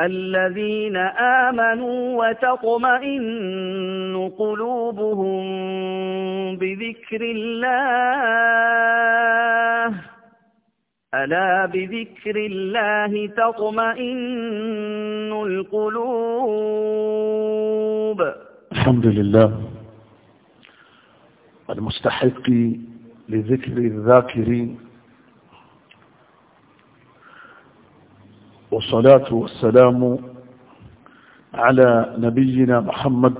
الذين آمنوا وتطمئن قلوبهم بذكر الله ألا بذكر الله تطمئن القلوب الحمد لله المستحق لذكر الذاكرين والصلاة والسلام على نبينا محمد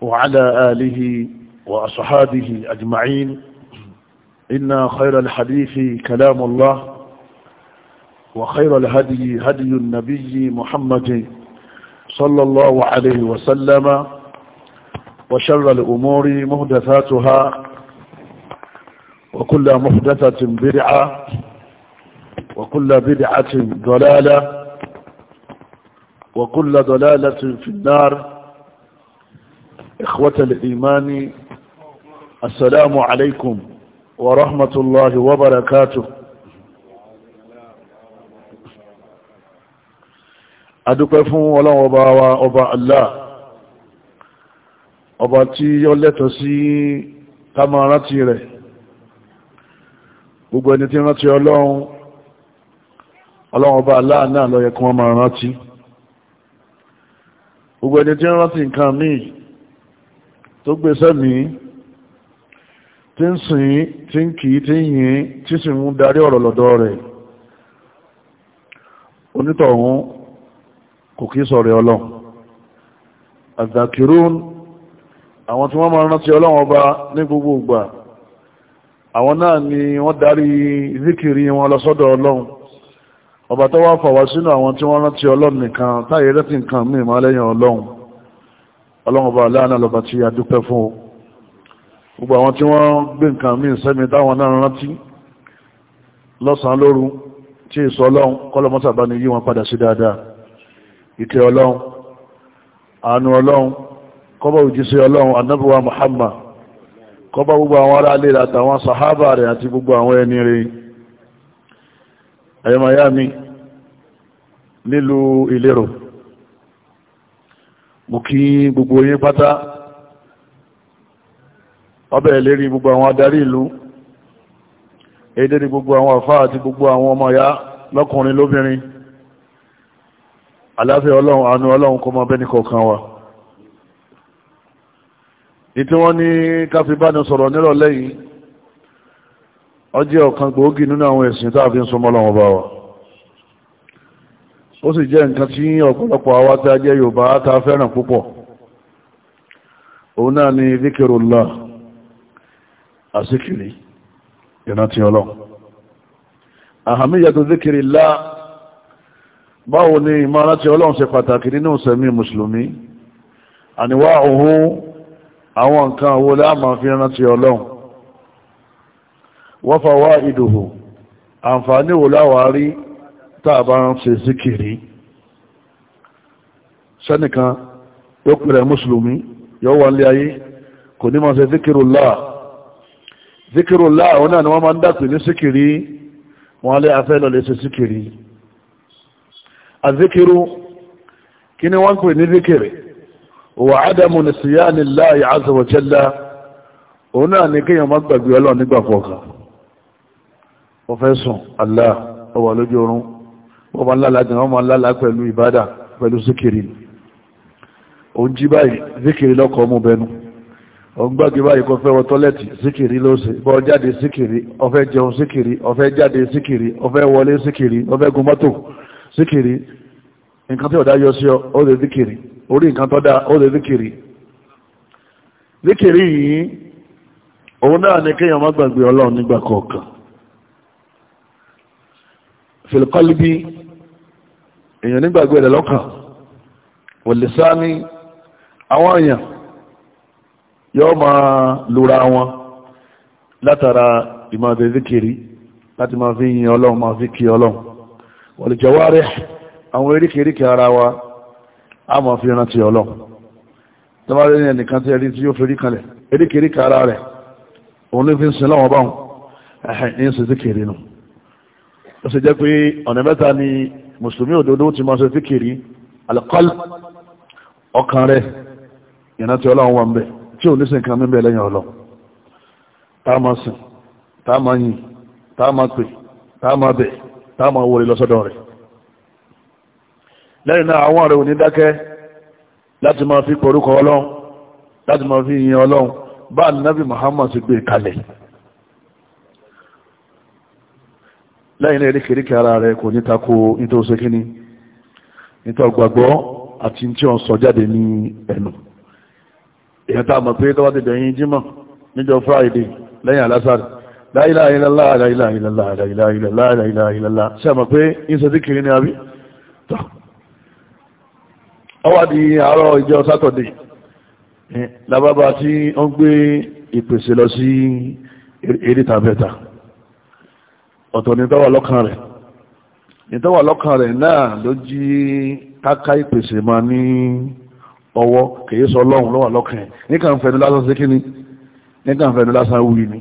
وعلى آله وأصحابه أجمعين إن خير الحديث كلام الله وخير الهدي هدي النبي محمد صلى الله عليه وسلم وشر الأمور مهدثاتها وكل مهدثة برعة وكل بدعة ضلالة وكل ضلالة في النار إخوة الإيمان السلام عليكم ورحمة الله وبركاته adúpẹ́ fún ọlọ́run ọba wa ọba Allah ọba tí ó lẹ́tọ̀ sí ká máa rántí rẹ̀ gbogbo ẹni tí rántí ọlọ́run ọlọ́run ọba aláàánà ló yẹ kí wọ́n máa rántí gbogbo ẹni tí ń rántí nǹkan míì tó gbé sẹ́mi tí ń sìn tí ń kì í tí ń yìn tí sì ń darí ọ̀rọ̀ lọ́dọ̀ rẹ̀ onítọ̀hún kò kí sọ̀rọ̀ ọlọ́run àzàkìrún àwọn tí wọ́n máa rántí ọlọ́run ọba ní gbogbo ìgbà àwọn náà ni wọ́n darí zikiri wọn lọ sọ́dọ̀ ọlọ́run ọba tó wá fà wá sínú àwọn tí wọ́n rántí ọlọ́run nìkan táyé rẹ́tì nǹkan míì máa lẹ́yìn ọlọ́run ọlọ́run ọba aláàánà lọ́ba tí a dúpẹ́ fún o gbogbo àwọn tí wọ́n gbé nǹkan míì sẹ́mi táwọn náà rántí lọ́sàn-án lóru tí èso ọlọ́run kọ́lọ́mọ́sà bá ní yí wọn padà sí dáadáa ìkẹ́ ọlọ́run àánú ọlọ́run kọ́bọ̀ òjíṣẹ́ ọlọ́run anábíwá Muhammad kọ́bọ̀ gbogbo àwọn ará ilé àtàwọn sàhábà rẹ̀ àti gbogbo àwọn ẹni rẹ̀ ẹ̀yọ́mọ̀ yá mi nílùú ìlérò mo kí gbogbo yín pátá ọbẹ̀ lérí gbogbo àwọn adarí ìlú èdèrí gbogbo àwọn àfá àti gbogbo àwọn ọmọ ya lọ́kùnrin lóbìnrin aláfẹ́ ọlọ́run àánú ọlọ́run kó máa kọ̀ọ̀kan wa ìtí wọ́n ní káfíbánu sọ̀rọ̀ nírọ̀lẹ́yìn ọjẹ́ ọ̀kan gbòógì nínú àwọn ẹ̀sìn tó àfi ń súnmọ́ lọ́wọ́ bá wa ó sì jẹ́ nǹkan tí ọ̀pọ̀lọpọ̀ àwa tá a jẹ́ Yorùbá tá a fẹ́ràn púpọ̀ òun náà ni zikirullah àsìkiri ìrántí ọlọ́run àhàmíyàtò zikirullah báwo ni ìmọ̀rántí ọlọ́run ṣe pàtàkì nínú ìsẹ̀mí mùsùlùmí àníwá òun àwọn nǹkan wo la fi rántí ọlọ́run wa fawaiduhu àǹfààní wò láwárí tàbá ń ṣe síkìrí sẹ́nìkan yóò pèrè mùsùlùmí yóò wà nílé ayé kò ní ma ṣe zikirullah zikirullah àwọn náà ni wọ́n máa ń dàpè ní síkìrí wọ́n lé afẹ́ lọ lè ṣe síkìrí azikiru kí ni wọ́n pè ní zikiri wà ádámù ní síyá ní láàyè azza wa jalla òun náà ni má gbàgbé ọlọ́run nígbà ọ̀fẹ́ sùn Allah ọwà lójú oorun ọba ńlála jẹ́ ọmọ ńlála pẹ̀lú ìbádà pẹ̀lú síkìrì òun jí báyìí síkìrì lọ́kọ̀ ọmọ bẹnu òun gbági báyìí kò fẹ́ wọ tọ́lẹ̀tì síkìrì ló ṣe bọ́ jáde síkìrì ọfẹ́ jẹun síkìrì ọfẹ́ jáde síkìrì ọfẹ́ wọlé síkìrì ọfẹ́ gun mọ́tò síkìrì nǹkan tí ọ̀dá yọ sí ọ ó lè òun náà ni kéèyàn má gbàgbé ọlọ́run nígbà kọ̀ọ̀kan filikọ́líbí èèyàn nígbàgbé rẹ̀ lọ́kàn wòlísáni àwọn èèyàn yóò máa lura wọn látara ìmọ̀dé zikiri láti máa fi yin ọlọ́run máa fi kí ọlọ́run wòlíjẹ̀wárí àwọn eríkèríkè ara wa a máa fi rántí ọlọ́run tọ́bárẹ́ ní ẹnìkan tí ẹrí tí yóò fèrí kalẹ̀ eríkèríkè ara rẹ̀ ó sì jẹ́ pé ọ̀nà mẹ́ta ni mùsùlùmí òdodo ti máa ṣe síkìrí alqalb ọkàn rẹ̀ ìrántí ọlọ́run wà ń bẹ tí ò ní sin kan mímbẹ̀ lẹ́yìn ọlọ́run táà máa sìn táà máa yìn táà máa pè táà máa bẹ̀ táà máa wọlé lọ́sọ́dọ̀ rẹ̀ lẹ́yìn náà àwọn rẹ̀ ò dákẹ́ láti máa fi porúkọ ọlọ́run láti máa fi yin ọlọ́run bá nàbì Muhammad ti gbé kalẹ̀ lẹ́yìn lẹ́rí kìríkì ara rẹ̀ kò ní tako nítorí oṣù kíní nítorí gbàgbọ́ àti tí wọ́n sọ jáde ní ẹnu èyàn mọ̀ pé tọ́wọ́ ti dẹ̀yìn jímọ̀ níjọ́ friday lẹ́yìn alásàrì la ilaha la ilaha la ilaha illallah la ilaha illallah ṣe mọ̀ pé ìṣẹ́ tí kìíní àbí tọ́ ọwọ́ di àárọ̀ ìjọ sátọ̀dẹ̀ lababa tí ó ń gbé ìpèsè lọ sí eré tàbẹ́ta ọ̀tọ̀ ni tọ́wà lọ́kàn rẹ̀ ni tọ́wà lọ́kàn rẹ̀ náà ló jí káká ìpèsè máa ní ọwọ́ kìí sọ ọlọ́run lọ́wà lọ́kàn ẹ̀ níkan fẹ́nu lásán sí kíni níkan fẹ́nu lásán wí ni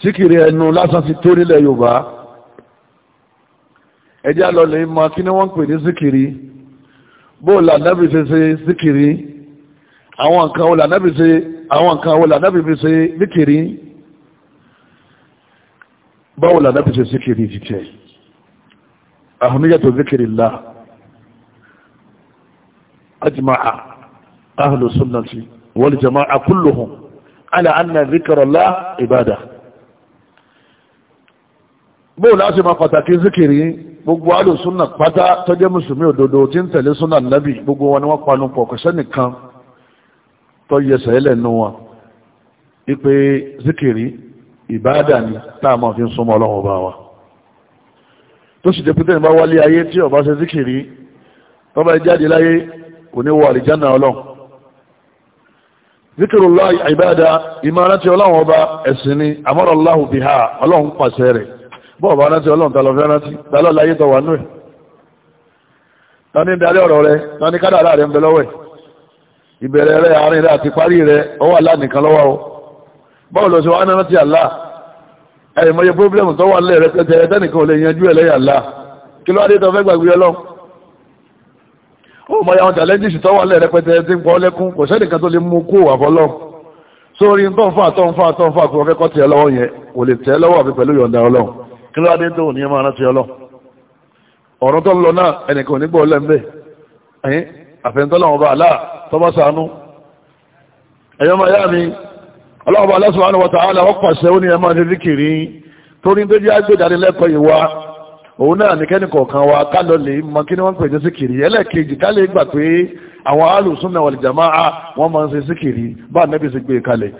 síkìrì ẹnu lásán ti torí lẹ̀ Yorùbá ẹjẹ́ àlọ́lẹ̀ ìmọ̀ kí ni wọ́n ń pè ní síkìrì bóòlù ànábì ṣe ṣe síkìrì àwọn nǹkan wo lànábì ṣe àwọn nǹkan wo lànábì fi ṣe níkìrì báwo lànà ti ṣe síkiri jíjẹ ahàmíyàtọ̀ zikiri lá ajima'a ahàlù sunnati wal jama'a kulluhum ala anna zikara lá ibada bóò láti ma pàtàkì zikiri gbogbo alò súnà pátá tó jẹ́ mùsùlùmí òdodo tí ń tẹ̀lé súnà nábì gbogbo wọn ni wọ́n panu pọ̀ kò sẹ́nìkan tó yẹsẹ̀ ẹlẹ́nu wọn ipe zikiri ìbáàdà ni táà máa fi ń súnmọ́ ọlọ́run ọba wa tó sì jẹ́ pété ní bá wálé ayé tí ọba ṣe síkìrí tọ́ba jáde láyé kò ní wọ àlìjánà ọlọ́run zikirullah ìbáàdà ìmọ̀ràn tí ọlọ́run ọba ẹ̀sìn ni amara Allahu biha ọlọ́run pàṣẹ rẹ̀ bọ́ọ̀bá rántí ọlọ́run tàlọ́ fẹ́ rántí tàlọ́ láyé tọ̀wà nú ẹ̀ tani darí ọ̀rọ̀ rẹ tani kádàrá rẹ ń bẹ lọ́wọ́ ẹ̀ ìbẹ̀rẹ̀ rẹ àárín rẹ àti parí rẹ ọwọ́ àlá lọ́wọ́ o báwo lọ sí wa ánà láti àlá ẹ̀yìn mọ́yẹ pọ́blẹ́mù tó wà nílẹ̀ rẹ pẹ́tẹ́ ẹ̀tẹ́nìkan ò lè yanjú ẹ̀ lẹ́yìn àlá kí ló wá dé tó fẹ́ gbàgbé ọlọ́run ó mọ àwọn challenges tó wà nílẹ̀ rẹ pẹ́tẹ́ tí ń pọ́ lẹ́kún kò sẹ́nìkan tó lè mú kó àfọlọ́ sórí tó ń fà tó ń fà tó ń fà kó fẹ́ kọ́ tiẹ̀ ọlọ́ọ̀bá Allah subhanahu wa ta'ala pàṣẹ ó ní ẹ máa ṣe zikiri torí tó jẹ́ agbèjáde lẹ́kọ̀ọ́ ìwà òun náà ní kẹ́nì kọ̀ọ̀kan wa ká lọ lè mọ kí ni wọ́n pè ní zikiri ẹlẹ́ẹ̀kejì ká lè gbà pé àwọn alùsùnà wal jama'a wọ́n máa ń ṣe zikiri bá nẹ́bí sì gbé e kalẹ̀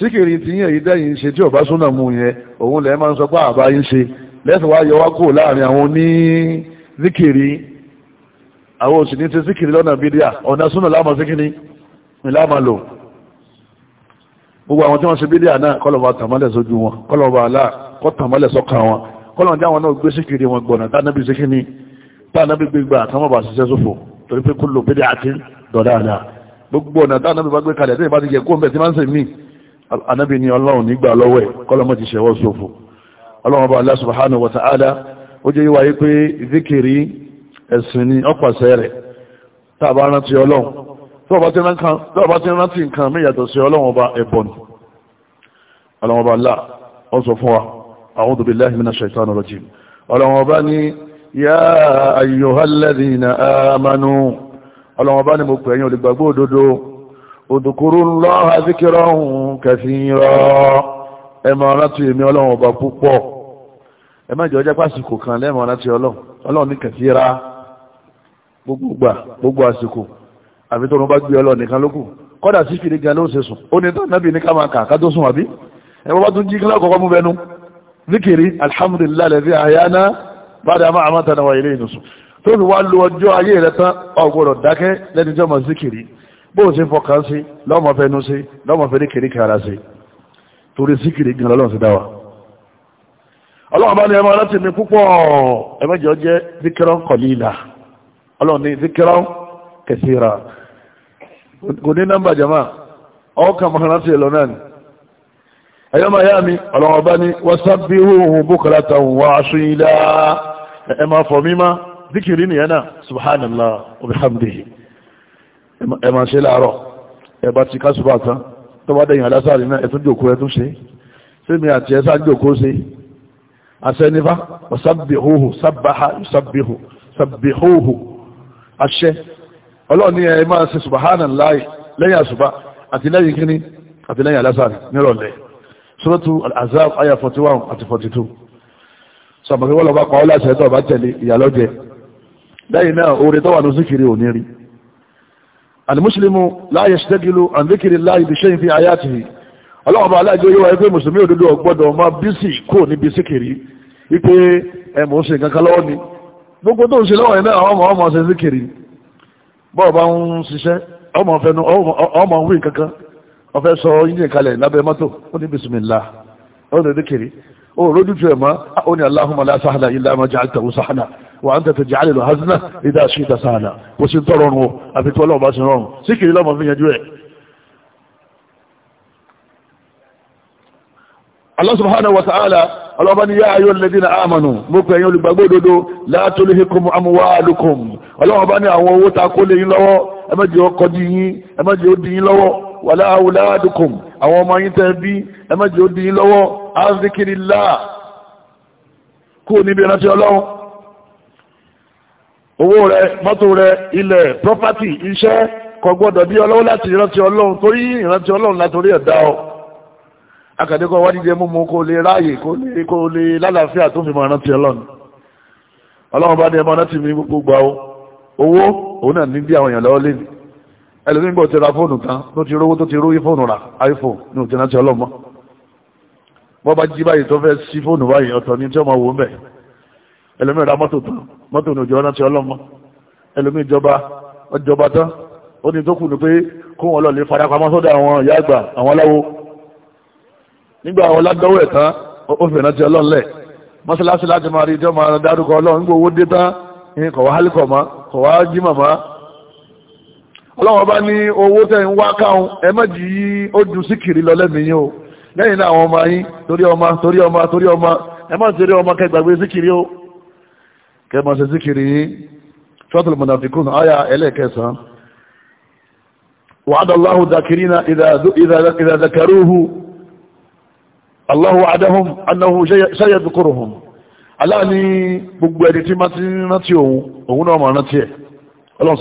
zikiri ti yẹn yìí dẹ́yìn ṣe tí ọ̀bá súnà mu yẹn òun lẹ́ẹ̀ máa ń sọ pé àbá yín ṣe lẹ́sìn wá wá kúrò láàrin àwọn oní zikiri àwọn òsì ní ṣe zikiri lọ́nà bídíà ọ̀nà súnà láàmà zikiri ni láàmà lò gbogbo àwọn tí wọ́n ṣe bí díà náà kọ́lọ̀bà tàmálẹ̀ sójú wọn kọ́lọ̀bà alá kọ́tàmálẹ̀ sọ́kà wọn kọ́lọ̀ jáwọn náà gbé síkiri wọn gbọ̀nà tánàbí sí kíní tánàbí gbígbà àtàmọ́bà ṣiṣẹ́ sófò torí pé kúlò pédé àti dọ̀dá àlá tí ìbá bá ti rántí nǹkan mí sí ọlọ́run ọba ẹ̀bọ̀n ọlọ́wọ́ba ńlá ó sọ fún wa a'udhu billahi minash shaitani rajim ọlọ́wọ́ba ní yá ayyuhalladhina amanu ọlọ́wọ́ba ní mo pè yín olùgbàgbọ́ òdodo udhkurullaha dhikran kathira ẹ máa rántí èmi ọlọ́wọ́ba púpọ̀ ẹ má jẹ́ ọjọ́ pàṣíkò kan lẹ́mọ̀ rántí ọlọ́run ọlọ́run ní kathira gbogbogbà gbogbo àsìkò àfi tó ń bá gbé ọlọ́run nìkan ẹ̀wọ́n bá tún jí kílá kọ̀ọ̀kan mú bẹnu zikiri alhamdulillah lẹ́sí àyáná bada ma amatana wa ilé ìnusù tó fi wá lo ọjọ́ ayé rẹ̀ tán ọgbọ̀rọ̀ dákẹ́ lẹ́ni jọmọ̀ zikiri bó ṣe fọkàn sí lọ́mọ fẹnu sí lọ́mọ fẹ́ kiri kara sí torí zikiri gan lọ́lọ́run sí dáwà ọlọ́run ẹ̀yọ́ miami ọlọ́wọ́ bá ní wasabi ohun bukara tàwọn wa aṣílá ẹ máa fọ mímá díkìrí nìyẹn náà subhanallah obìhamdihi ẹ máa ṣe láàárọ̀ ẹ bá ti kásùbà tán tó bá dẹ̀yìn alásàrí náà ẹ̀tún jòkó ẹ̀tún ṣe sẹ́mi àti ẹ̀sà jòkó ṣe àṣẹ́nifá wasabi ohun sábàá yusabihu sabihuhu àṣẹ ọlọ́ọ̀ suratu al-azab aya 41 àti 42 sọ̀bọ̀n wọ́n lọ bá kọ́ láṣẹ tó bá tẹ̀lé ìyàlọ́jẹ lẹ́yìn náà oore tó wà ní síkiri ò ní rí alimuslimu la yashtagilu an dhikrillahi bi fi hayatihi ọlọ́wọ́n bá aláàjọ yíwa ẹgbẹ́ mùsùlùmí òdodo ọgbọ́dọ̀ ma bísì kò ni gbogbo tó ń ṣe lọ́wọ́ yẹn náà ọmọ ọmọ ṣe síkiri bọ́ọ̀ bá ń ṣiṣẹ́ ọmọ fẹnu ọmọ ń wí kankan ọ̀fẹ́ sọ yínyìn kalẹ̀ lábẹ́ mọ́tò ó ní bisimilá ó ní dékèrè ó rójú tu ẹ̀ mọ́ ó ní aláhùnmọ́ lásàhánà ilá ma jàǹtà òsàhánà wà á ń tẹ̀tẹ̀ jàálè lọ hazina ìdá sí ìdá sàhánà kò sí tọrọ rùn o àfi tọ́lọ́ ọba sí rọrùn sí kiri lọ́mọ fi yanjú ẹ̀. Allah subhanahu wa ta'ala ọlọ́ba ni yá wàlá awladukum àwọn ọmọ yín tẹ́ bí ẹ má jẹ́ ó di yín lọ́wọ́ azikirillah kú níbi ìrántí ọlọ́run owó rẹ mọ́tò rẹ ilẹ̀ property iṣẹ́ kò gbọ́dọ̀ bí ọlọ́run láti ìrántí ọlọ́run torí ìrántí ọlọ́run látòrí ẹ̀dá ọ akàdékọ̀ wá dídé múmu kó lè ráàyè kó lè kó lè lálàáfíà tó fi mọ ìrántí ọlọ́run ọlọ́run bá ní ẹmọ náà ti mi gbogbo gbà owó òun náà ní bí àwọn èèyàn lọ́wọ́ lé ẹlòmí bọ̀ ti ra fóònù kan tó ti rówó tó ti rówó fóònù ra iphone ní òtí náà ti ọlọ́mọ bọ́ bá jí báyìí tó fẹ́ sí fóònù báyìí ọ̀tọ̀ ní tí ọmọ wò ń bẹ̀ ẹlòmí ra mọ́tò tán mọ́tò ní òjò náà ti ọlọ́mọ ẹlòmí ìjọba ọjọba tán ó ní tó kù ní pé kó wọn lọ lè farapamọ́ sọ́dọ̀ àwọn ìyá àgbà àwọn aláwo nígbà àwọn ládọ́wọ́ ẹ̀ tán ó fi ìrántí ọlọ́ọ̀lẹ̀ mọ́sálásí láti máa rí ìjọ máa dárúkọ ọlọ́run gbowó dé tán kọ̀wá hálíkọ̀ mọ́ kọ̀wá jímọ̀ mọ́ ọlọ́wọ́ bá ní owó tẹ́ ń wá káhùn ẹmẹ́jì yí ó ju síkìrì lọ lẹ́mìí o lẹ́yìn náà àwọn ọmọ yín torí ọmọ torí ọmọ torí ọmọ ẹmọ́ torí ọmọ kẹgbàgbé o kẹmọ̀ sí síkìrì yín aláàní gbogbo ẹni tí ma ti rántí òun òun náà mọ̀ rántí ẹ̀ ọlọ́run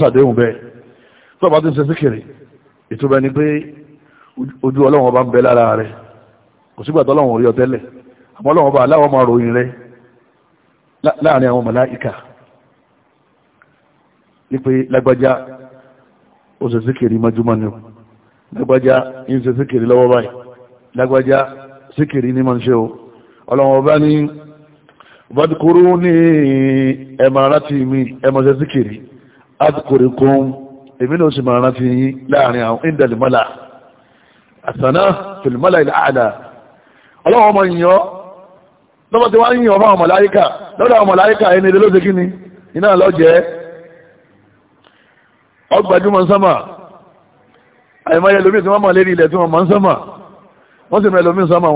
tó bá ti ń ṣe síkìrì ìtúbẹ̀ ni pé ojú ọlọ́run ọba ń bẹ lára rẹ̀ kò sígbà tó ọlọ́run orí ọ tẹ́lẹ̀ àmọ́ ọlọ́run ọba aláwọ̀ máa ròyìn rẹ̀ láàrin àwọn màláíkà ní pé lágbájá ó ṣe síkìrì mọ́júmọ́ ni lágbájá ń ṣe síkìrì lọ́wọ́ báyìí lágbájá síkìrì ní máa ń ṣe o ọlọ́run ọba ní bọ́dúkúrú ní ẹ̀mọ̀ láti mi ẹ̀mọ̀ ṣe síkìrì adkurikum èmi ló sì máa rántí yín láàrin àwọn indẹ̀lìmọ́là àtàná fìlìmọ́là ilẹ̀ àdá ọlọ́wọ́ ọmọ yìnyọ́ lọ́wọ́ tí wọ́n yìnyọ́ fún àwọn mọ̀láyíkà lọ́dọ̀ àwọn mọ̀láyíkà ẹni ilé lóṣè kíni iná lọ́jẹ́ ọgbàjúmọ̀ sánmà àìmọye lómi tí wọ́n mọ̀ lérí ilẹ̀ tí wọ́n mọ̀ ń sánmà wọ́n sì mọ̀ lómi sánmà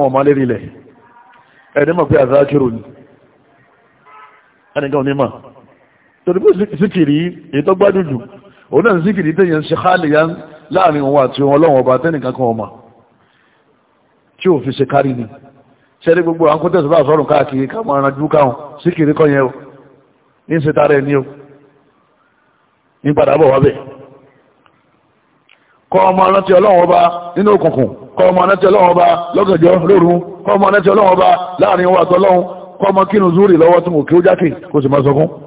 wọn òun náà síkìrì tẹ̀yẹ̀ ń ṣe káàlìyà láàrin òun àti òun ọlọ́run ọba tẹ́nìkan kan ọmọ tí ò fi ṣe kárí ni ṣẹ́rí gbogbo àwọn kọ́tẹ̀sì bá sọ́rùn káàkiri ká máa ranjú káwọn síkìrì kọ́ yẹn o ní ṣe tara ẹni o ní padà bọ̀ wábẹ̀ kọ́ ọmọ arántí ọlọ́run ọba nínú òkùnkùn kọ́ ọmọ arántí ọlọ́run ọba lọ́gànjọ́ lóru kọ́ kọ́ ọmọ kínú zúrì lọ́wọ́ tí mo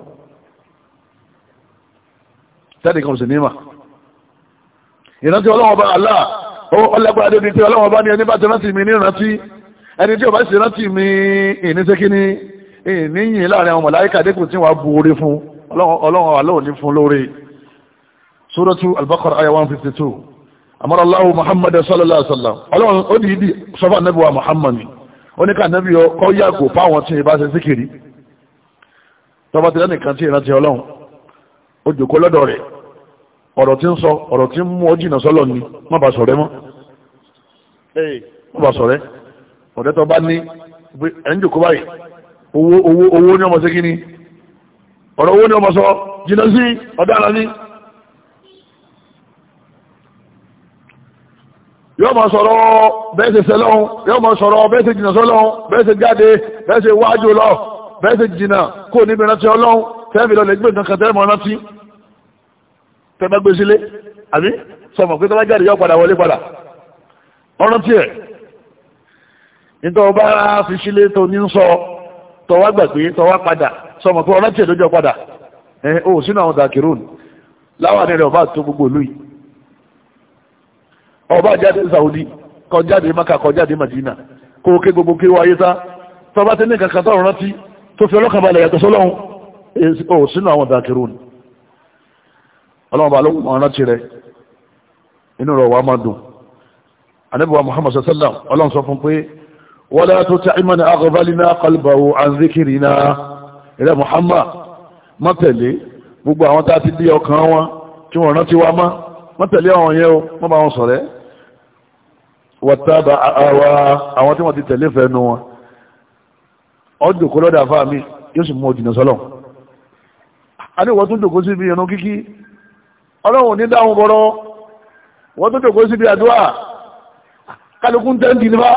tẹ́lẹ̀ kan sì ní ìrántí ọlọ́wọ́n bá Allah ọlẹ́gbàá débi tí ọlọ́wọ́n ní ẹni bá ti rántí mi ní ìrántí ẹni tí ó sì rántí mi ìníṣẹ́kíní ìníyìn láàrin àwọn mọ̀láíkà dékù tí wà bú orí fún ọlọ́run àlọ́ ní fún lórí Suratu al aya 152 amara Allahu Muhammad sallallahu alaihi wasallam ọlọ́run ó ní ìdí sọfà nẹ́bí wa Muhammad ó ní ká nẹ́bí ọ̀rọ̀ tí ń sọ ọ̀rọ̀ tí ń mú ọ jìnà sọ́lọ̀ ni má bàa sọ̀rẹ́ mọ́ má bàa sọ̀rẹ́ ọ̀rẹ́ tó bá ní ẹ̀ńjò kó báyìí owó owó owó ní ọmọ sí kí ni ọ̀rọ̀ owó ní ọmọ sọ jìnà sí ọ̀daràn ni yóò máa sọ̀rọ̀ bẹ́ẹ̀ ṣe sẹ́lọ́hún yóò máa sọ̀rọ̀ bẹ́ẹ̀ ṣe jìnà sọ́lọ́hún bẹ́ẹ̀ ṣe jáde bẹ́ẹ̀ ṣe wájú lọ bẹ́ẹ̀ ṣe jìnà kó níbi rántí ọlọ́hún tẹ́ẹ̀mì lọ lè gbé nǹkan tẹ́ẹ̀mọ̀ rántí tẹ́gbẹ́ gbé sílé àbí sọmọ pé tọ́lá jáde yọ padà wọlé padà ọ̀rọ̀ tiẹ̀ nítorí ọba fi sílé tó ní sọ tọwá gbàgbé tọwá padà sọmọ pé ọ̀rọ̀ tiẹ̀ lójọ padà ẹ o sínú àwọn dàkírún láwọn ẹ̀rẹ̀ ọba tó gbogbo olú yìí ọba jáde Saudi kọjáde Maka kọjáde Madina kó o ké gbogbo kí wáyé tá tọba tẹ́lẹ̀ kankan tọ̀rọ̀ rántí tó fi ọlọ́kàn balẹ̀ yàtọ̀ sọ́lọ́hún o sínú àwọn dàkírún ọlọ́run bá ló mọ̀ rántí rẹ̀ inú rẹ̀ wà máa dùn anábíwá muhammad sallam ọlọ́run sọ fún pé wala tut'imana aghfalna qalbahu an dhikrina ilẹ̀ muhammad má tẹ̀lé gbogbo àwọn tá a ti dí ọkàn wọn tí wọ́n rántí wá má má tẹ̀lé àwọn yẹn o má bá wọn ṣọ̀rẹ́ wọ́tábà àwa àwọn tí wọ́n ti tẹ̀lé fẹ́ wọn ọdún kó lọ́dà fáàmì yóò sì mú òjìnà sọ́lọ̀ a tún dòkó sí ibi kíkí ọlọ́run ò ní dáhùn bọ́rọ́ wọ́n tó tòkó síbi àdúrà kálukú ń tẹ́ǹdì nípa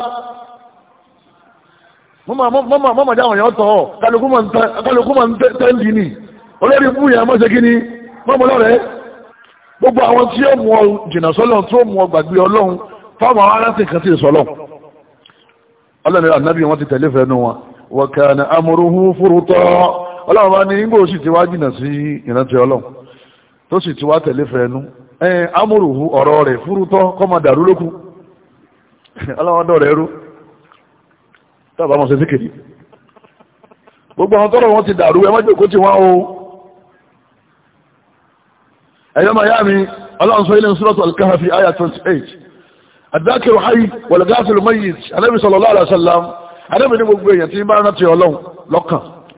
mọ́mọ́ dáhùn yẹn tọ̀ kálukú tẹ́ǹdì ni olórí gbogbo àwọn tí ó mú ọ mú ọ gbàgbé ọlọ́run fáwọn àwọn kan ọlọ́run ànábì wọn ti tẹ̀lé fẹ́ nu wọn ọlọ́run bá ní sì ti wá sí ìrántí tó sì ti wá tẹ̀lé fẹ́ẹ́nu ẹ̀ẹ́n amúrùhù ọ̀rọ̀ rẹ̀ fúrútọ́ kọ́mọ dàrú lókù aláwọ̀dọ̀ rẹ̀ rú tàbá mọ̀ gbogbo àwọn tọ́rọ̀ wọn ti dàrú ẹ má jókòó tì wọ́n o ẹ̀yọ́ máa yá mi ọlọ́run sọ ilé al àyà 28 ad-dhakiru hayy wal-ghafilu mayyit anábì sallallahu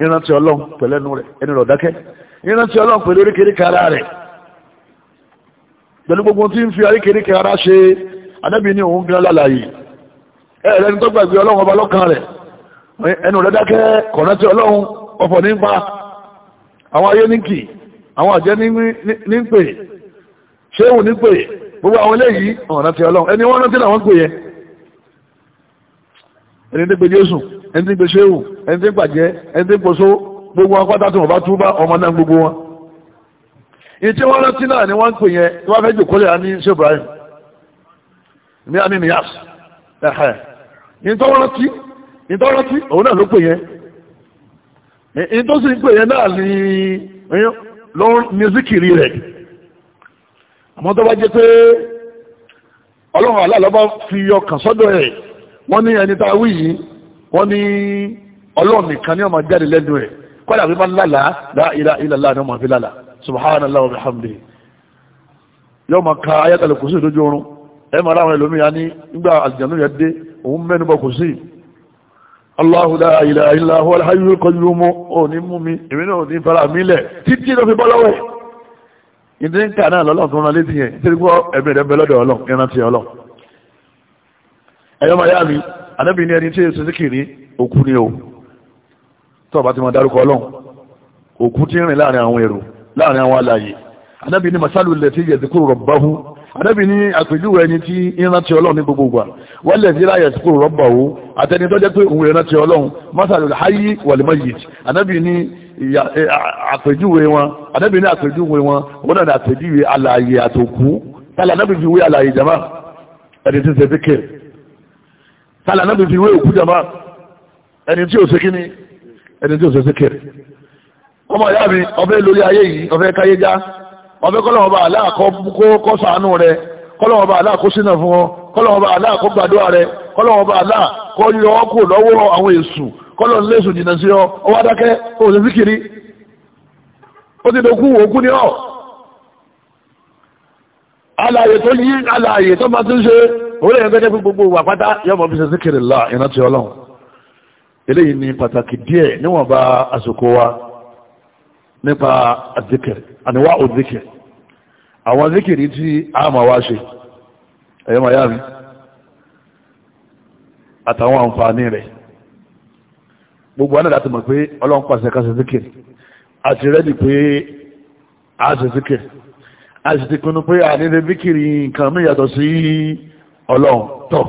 ìrántí ọlọ́run pẹ̀lú gbogbo tí ń fi aríkèríkè ara ṣe anábì ní òun gan lálàyé ẹ̀rẹ́ ní tó gbàgbé ọlọ́run ọba lọ́kàn rẹ̀ ẹnu rẹ̀ dákẹ́ kọ̀rántí ọlọ́run ọ̀fọ̀ nípa àwọn ayé níkì àwọn àjẹ́ nípè ṣéwù nípè gbogbo àwọn eléyìí ọ̀rántí ọlọ́run ẹni wọ́n rántí làwọn pè yẹn ẹni tí ń pe jésù ẹni tí ń pe èyí tí wọ́n rántí náà ni wọ́n ń pè yẹn tí wọ́n fẹ́ jòkó lè ní ṣé Ibrahim ní àmì nìyàs ẹ̀hẹ̀ èyí tó rántí èyí tó rántí òun náà ló pè yẹn èyí tó sì ń pè yẹn náà ni ló ní zikiri rẹ̀ àmọ́ tó bá jẹ́ pé ọlọ́run aláàlọ́bá fi ọkàn sọ́dọ̀ ẹ̀ wọ́n ní ẹni tá a wí yìí wọ́n ní ọlọ́run nìkan ní ọmọ jáde lẹ́nu ẹ̀ kọ́dà fi máa lálàá láìra ìlàlá ọmọ fi lálàá subhanallah wa bihamdihi yóò máa ka ayatul kursi lójú oorun ẹ máa láwọn ẹlòmíyà ní nígbà àjànú yẹn dé òun mẹ́nu bá kursi Allahu la ilaha illa huwa al-hayyul qayyum ò ní mú mi èmi náà ò ní fara mi lẹ̀ títí ló fi bọ́ lọ́wọ́ ẹ̀ ìdí ń kà náà lọ́lọ́ tó ń rántí yẹn tí gbọ́ ẹ̀mí rẹ̀ bẹ lọ́dọ̀ ọlọ́ ìrántí ọlọ́ ẹ̀yọ́ maya mi anábì ní ẹni tí èsì sí kìíní ni o tó bá ti mọ dárúkọ ọlọ́ òkú ti rìn láàrin àwọn èrò láàrin àwọn alàyè anábì ní masalu lẹ́tí yẹ̀dìkúrò rọ̀báhú anábì ní àpèjúwe ẹni tí ìrántí ọlọ́run ní gbogbo gbà wọ́n lẹ́tí láyẹ̀ yẹ̀dìkúrò rọ̀báhú àtẹni tó jẹ́ pé òun ìrántí ọlọ́run masalu hayi wàlímáyì anábì ní àpèjúwe wọn anábì ní àpèjúwe wọn wọ́n náà àpèjúwe alàyè àtòkú tálà anábì fi wé alàyè jama ẹni tí ṣe fíkẹ̀ ọmọ ìyá mi ọfẹ́ lórí ayé yìí ọfẹ́ káyé já ọfẹ́ kọ́lọ́wọ́ bá aláàkọ́ kó sàánú rẹ kọ́lọ́wọ́ bá aláàkó sínà fún ọ kọ́lọ́wọ́ bá aláàkó gbàdúrà rẹ kọ́lọ́wọ́ bá aláàkó yọ ọ́ kò lọ́wọ́ àwọn èṣù kọ́lọ́n lẹ́sù jìnà sí ọ ọwọ́ adákẹ́ òun sí kiri ó ti dokú òkú ní ọ alààyè tó yí alààyè tó máa tún ṣe orílẹ̀ ẹgbẹ́ jẹ́ gbogbo wà yọmọ fi ṣe sí kiri ìrántí ọlọ́run eléyìí ni pàtàkì díẹ̀ níwọ̀nba àsìkò wa nípa àzikiri àníwá òzikiri àwọn zikiri tí a máa wá ṣe ẹ̀yọ́ máa yá mi àtàwọn àǹfààní rẹ̀ gbogbo anáda ti mọ̀ pé ọlọ́run pàṣẹ ká ṣe zikiri a ti rẹ́dì pé a ṣe zikiri a sì ti pinnu a nílé zikiri nǹkan mí yàtọ̀ sí ọlọ́run tọ̀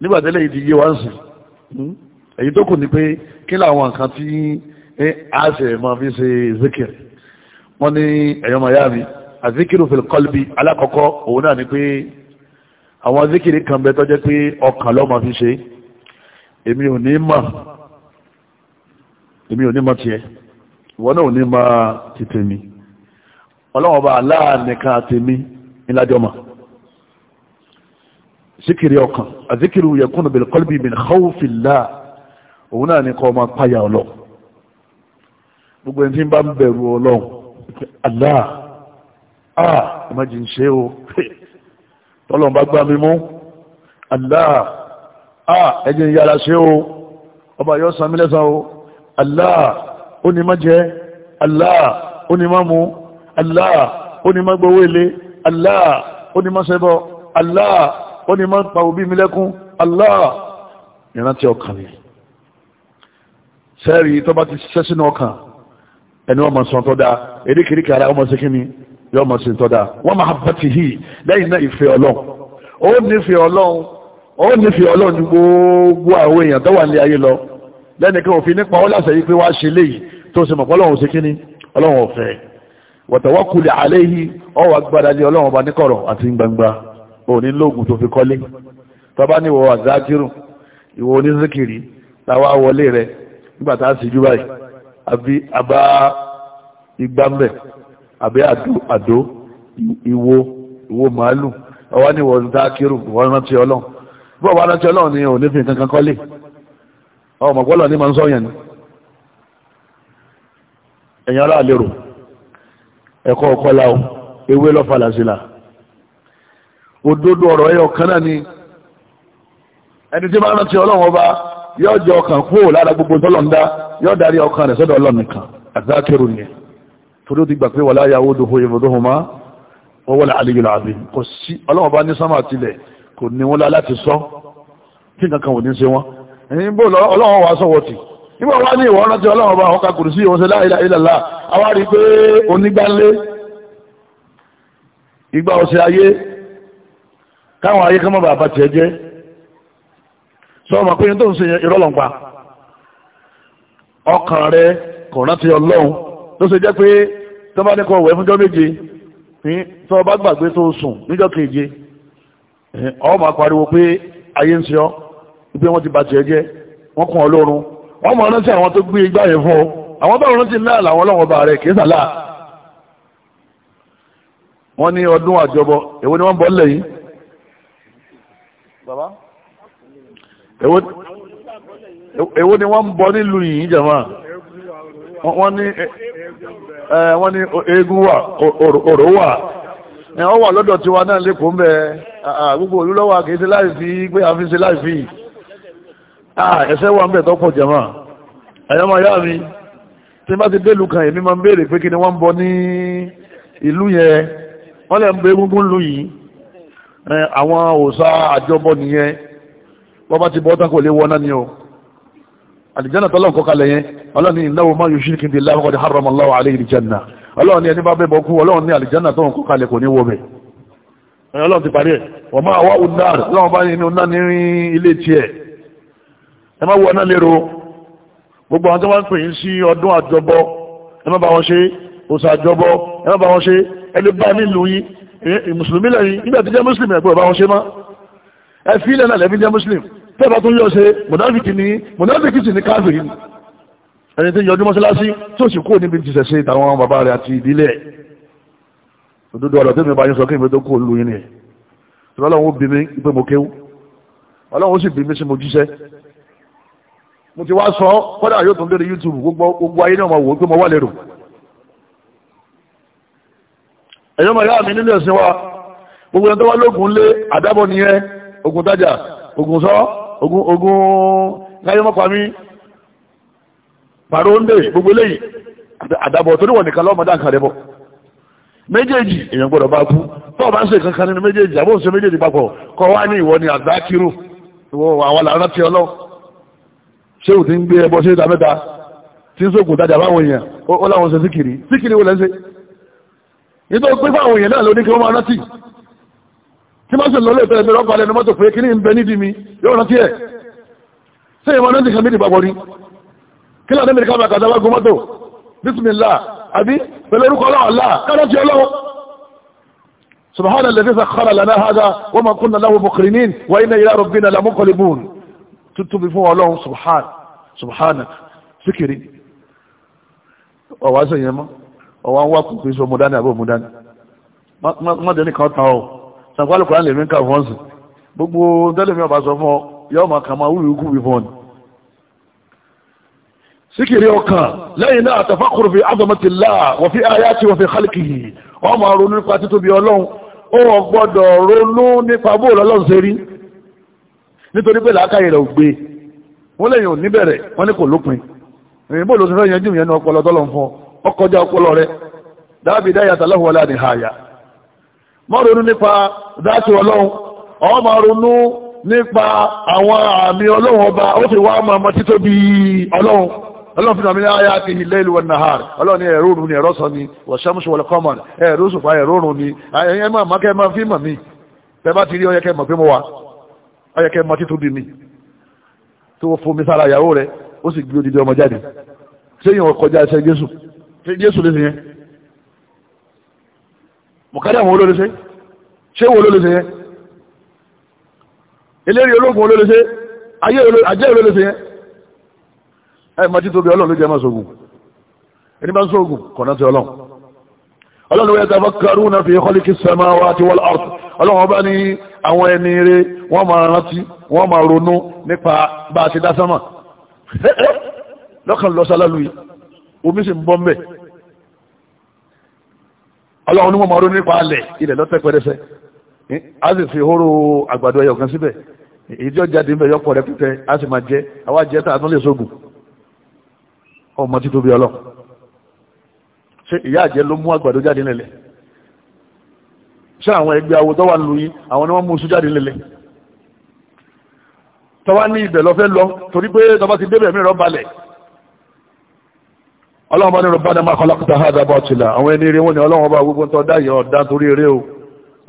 nígbàtẹ́lẹ̀ yìí ti yé wá ń sìn hmm, èyí tó kù ni pé kí làwọn nǹkan tí a ṣe máa fi ṣe zikir wọ́n ní ẹ̀yọ́ miami azikiru fil qalbi alákọ̀ọ́kọ́ òun náà ni pé àwọn zikiri kan bẹ tọ́jẹ́ pé ọkàn ló máa fi ṣe èmi ò ní mọ̀ èmi ò ní mọ̀ tiẹ̀ ìwọ náà ò ní mọ̀ ti tèmi ọlọ́wọ́n bá aláàánìkan àtèmi ńlájọ́mọ̀ zikiri ọkàn azikiru yakunu bil qalbi min khawfillah òun náà ni kọ́ ọmọ páyà ọlọ́ọ̀ gbogbo ẹni tí ń bá ń bẹ̀rù ọlọ́run Allah ah ẹ̀mọ́jì ń ṣe o tọ́lọ́n bá gbá mi mú Allah ah ẹ̀jẹ̀ ń yára ṣe o ọba yóò san mí lẹ́san o Allah ó ní má jẹ Allah ó ní má mu Allah ó ní má gbowó ilé Allah ó ní má ṣẹbọ Allah ó ní má pa òbí mi lẹ́kún Allah ìrántí ọkàn mi sẹ́ẹ̀rì tó bá ti ṣiṣẹ́ sínú ọkàn ẹni wọ́n ma sọ tọ́ kara eríkèríkè ara ọmọ síkíní yọ ọmọ sí tọ́ dáa wọ́n ma bá hi, hì lẹ́yìn náà ìfẹ́ ọlọ́run ó nífẹ̀ẹ́ ọlọ́run ó nífẹ̀ẹ́ ọlọ́run ní gbogbo àwọn èèyàn tó wà ní ayé lọ lẹ́nìkan òfin nípa ó láṣẹ yìí pé wá ṣe léyìí tó ṣe mọ̀pọ̀ ọlọ́run síkíní ọlọ́run ọ̀fẹ́ wọ̀tọ̀wọ́kulẹ̀ àléhì ọwọ́ agbára lé ọlọ́run ọba níkọ̀rọ̀ àti gbangba òní lóògùn tó fi kọ́lé tọ́ba ni ìwọ àzákírù ìwọ oníṣíkìrì táwa wọlé rẹ nígbà tá a sì jú báyìí àbí àbá igbámbẹ̀ àbí àdó àdó ìwo ìwo màálù ọwá ní wọ́n dá kírù wọ́n rántí ọlọ́run bí ọba rántí ọlọ́run ni òní kankan kọ́lé ọmọ pọ́lọ̀ ní ma ń sọ́yàn ni ẹ̀yàn ará lérò ẹ̀kọ́ ọkọ́lá o ewé lọ́fàlà sílà òdodo ọ̀rọ̀ ẹyọ kan náà ni ẹni tí máa rántí ọlọ́run ọba yóò jọ ọkàn kúrò lára gbogbo tọ́lọ̀ndá yóò darí ọkàn rẹ̀ sọ́dọ̀ ọlọ́run nìkan àzákẹ́rù ni torí ó ti gbà pé wala ya'uduhu hifdhuhuma wa huwa al-'aliyyul 'azim kò sí ọlọ́run bá ní sánmà tilẹ̀ kò ní wọn láti sọ kí nǹkan kan ò ní ṣe wọn ẹ̀yìn bó ọlọ́run wà sọ̀wọ́ tì nígbà wá ní ìwọ ọ̀sẹ̀ ayé káwọn ayé kọ́mọ́ bàbá tiẹ̀ jẹ́ sọ ma pé tó ń ṣe ìrọ́lọ́ǹpa ọkàn rẹ kò rántí ọlọ́run ló ṣe jẹ́ pé tó bá nìkan wẹ̀ fúnjọ́ méje ní tó bá gbàgbé tó sùn níjọ́ keje ọ máa pariwo pé ayé ń ṣe ti bàjẹ́ jẹ́ wọ́n kún ọlọ́run wọ́n àwọn tó gbé igbá yẹn ọ bá náà làwọn kìí sàlá wọ́n ní ọdún èwo ni wọ́n bọ́ lẹ́yìn ewo ni wọ́n ń bọ nílùú yìí jàmá wọ́n ní wọ́n ní eégún wà òró wà ó wà lọ́dọ̀ tiwa náà lẹ́kọ̀ọ́ mbẹ́ gbogbo olúlọ́wà kìí ṣe láìsí pé a fi ṣe láìsí ẹsẹ̀ wà ń bẹ̀ tọ́pọ̀ jàmá àyàmọ̀ ayá mi tí bá ti délù kan èmi máa ń pé kí ni wọ́n ń bọ ní ìlú yẹn wọ́n lè ń bẹ egungun lù yìí àwọn òòṣà àjọbọ nìyẹn bọ́bá ti bọ́ tán kò lè wọ́ná ni o àlìjánà tọ́lọ̀ kọ́ kalẹ̀ yẹn ọlọ́run ní innahu man yushrik billahi faqad harrama Allahu alayhi al-janna ọlọ́run ní ẹni bá bẹ́bọ̀ kú ọlọ́run ní àlìjánà tọ́lọ̀ kọ́ kalẹ̀ kò ní wọ́ bẹ̀ ọlọ́run ti parí ẹ̀ wọ́n máa wá unnar lọ́wọ́n bá inú náà ní ilé tiẹ̀ ẹ má wọ́n náà lérò gbogbo àwọn tó wá ń pè ń sí ọdún àjọbọ ẹ má bá wọn ṣe òsà àjọbọ ẹ má bá wọn ṣe ẹni bá nílùú yìí mùsùlùmí lẹ́yìn nígbà jẹ́ mùsùlùmí ẹ̀gbọ́n bá wọn ṣe má ẹ fílẹ̀ náà lẹ́bí jẹ́ mùsùlùmí tẹ́ẹ̀bá tún yọ ṣe mọ̀dáfíkì ní mọ̀dáfíkì sì ní káfíìn ẹni tí ń yọjú mọ́ṣáláṣí tó sì kúrò níbi ti ṣẹ̀ṣẹ̀ tàwọn bàbá rẹ̀ àti ìdílé ẹ̀ òdodo ọ̀rọ̀ tẹ́mi bá yín sọ kí ìwé tó kó lu yín ni ẹ̀ ọlọ́run ó bí mi pé mo kéwú ọlọ́run ó sì bí mi sí mo jíṣẹ́ mo ti wá sọ kọ́dà yóò tún lórí YouTube gbogbo ayé náà máa wò ó pé mo wà lérò ẹ̀yọ́ mọ̀ yá mi nílé ẹ̀sìn wa gbogbo ẹni tó wá lóògùn lé àdábọ̀ nìyẹn ogun tájà ogun sọ́ ogun ogun káyọ́ mọ́pa mi pàrọ̀ ń bè gbogbo eléyìí àdàbọ̀ tó níwọ̀n nìkan lọ́mọdé àkàrẹ́ bọ̀ méjèèjì èèyàn gbọ́dọ̀ bá kú tó o bá ń ṣe kankan nínú méjèèjì àbó ń ṣe méjèèjì papọ̀ kọ́ wá ní ìwọ ni àdákírù ìwọ àwọn làwọn rántí ọlọ́ ṣé o ti ń gbé ẹbọ sí ìta mẹ́ta tí ń sókùn tajà báwọn èèyàn ó láwọn ṣe síkìrì síkìrì wo lẹ́sẹ̀ nítorí pé fáwọn èèyàn náà ló ní kí wọ́n máa rántí tí máa ń sọ lọ́lọ́ ìtọ́lẹ̀ mi rọ́pàá lẹ́nu mọ́tò pé kí ní ń bẹ nídìí mi yóò rántí ẹ̀ ṣé ìmọ̀ náà ti kàn mí dìbàbọ̀ ni kí láti mẹ́rin káàbà kàdá wágún mọ́tò bísmìlá àbí pẹ̀lú orúkọ ọlọ́ọ̀lá kárọ́tì ọlọ́wọ́ سبحان الذي سخر لنا هذا وما كنا له مقرنين وإنا إلى ربنا لمنقلبون تتوب فيه الله سبحان سبحانك ذكري ọwọ́ sẹ́yìn mọ́ ọwọ́ wákùnkùn sọ mọ̀dánì àbọ̀ mọ̀dánì má dẹ̀ ní kan tán ọ́ tàbí alùpùpù lè mí kà fún ọ̀sìn gbogbo tẹ́lẹ̀mí ọba sọ fún ọ yọ ọmọ kà máa wúlò ikú wí fún ọ ni. síkìrì ọkàn lẹ́yìn náà àtàfàkùrù fi azọmọtìlá wọ́n fi ayé àti wọ́n fi xálìkìyì wọ́n máa ronú nípa títóbi ọlọ́run ó wọ́n gbọ́dọ̀ ronú nípa bóòlù ọlọ́run ṣe rí nítorí pé làákàyè rẹ̀ ò gbé wọ́n lẹ́yìn ò bẹ̀rẹ̀ wọ́n ní kò lópin èyí bóòlù máa ronú nípa dáàtì ọlọ́run ọ máa ronú nípa àwọn àmì ọlọ́run ọba ó sì wá máa mọ títóbi ọlọ́run ọlọ́run fi nàmí ayá àti ilẹ̀ ìlú wọn nàhàr ọlọ́run ni ẹ̀rọ ni ẹ̀rọ sọ ni wọ̀ṣẹ́mùsù wọlé kọ́mọ̀n ẹ̀rọ òṣùpá ẹ̀rọ òrùn ni ẹ̀yẹ máa má kẹ́ máa fi mọ̀ mí tẹ bá ti rí ọyẹ kẹ́ mọ̀ pé mo wà ọyẹ kẹ́ mọ̀ títóbi mi tó fún mi sára ìyàwó rẹ ó sì gbé odidi ọmọ jáde ṣé yìí wọn kọjá ẹsẹ Jésù Jésù lè mọ̀kádà wọn olóòlóṣe ṣé wọ́n olóòlóṣe yẹn eléri ológun olóòlóṣe ajẹ́ olóòlóṣe yẹn ẹ ma títò bí ọlọ́run ló jẹ́ máa sógun ẹni bá ń sógun kọ̀nà ti ọlọ́run ọlọ́run wọ́n yatafakkaruna fi khalqi samawati wal ard ọlọ́run ọba ní àwọn ẹni rẹ wọ́n máa rántí wọ́n máa ronú nípa bá a ti dá sánmà lọ́kàn lọ́sálálù yìí omi sì ń bọ́ mbẹ́ ọlọ́run ní mọ̀ ọdún nípa alẹ̀ ilẹ̀ lọ́tẹ̀ pẹ́rẹsẹ̀ a sì fi hóró àgbàdo ẹyọ kan síbẹ̀ ìjọ jáde níbẹ̀ yọpọ̀ rẹ pípẹ́ a sì máa jẹ àwa jẹ tá a tún lè sógun ọmọ títóbi ọlọ́ ṣe ìyá àjẹ ló mú àgbàdo jáde nílẹ̀ ṣé àwọn ẹgbẹ́ awo tó wà nínú yìí àwọn ni wọ́n mú sójáde nílẹ̀ tọ́wá ní ibẹ̀ lọ́fẹ́ lọ torí pé tọ́ba ọlọ́run bá ní máa kọlọ́kùtà hádà bá tìlà àwọn ẹni rí wọ́n ni ọlọ́run bá gbogbo tó dáyẹ ọ̀dá torí eré o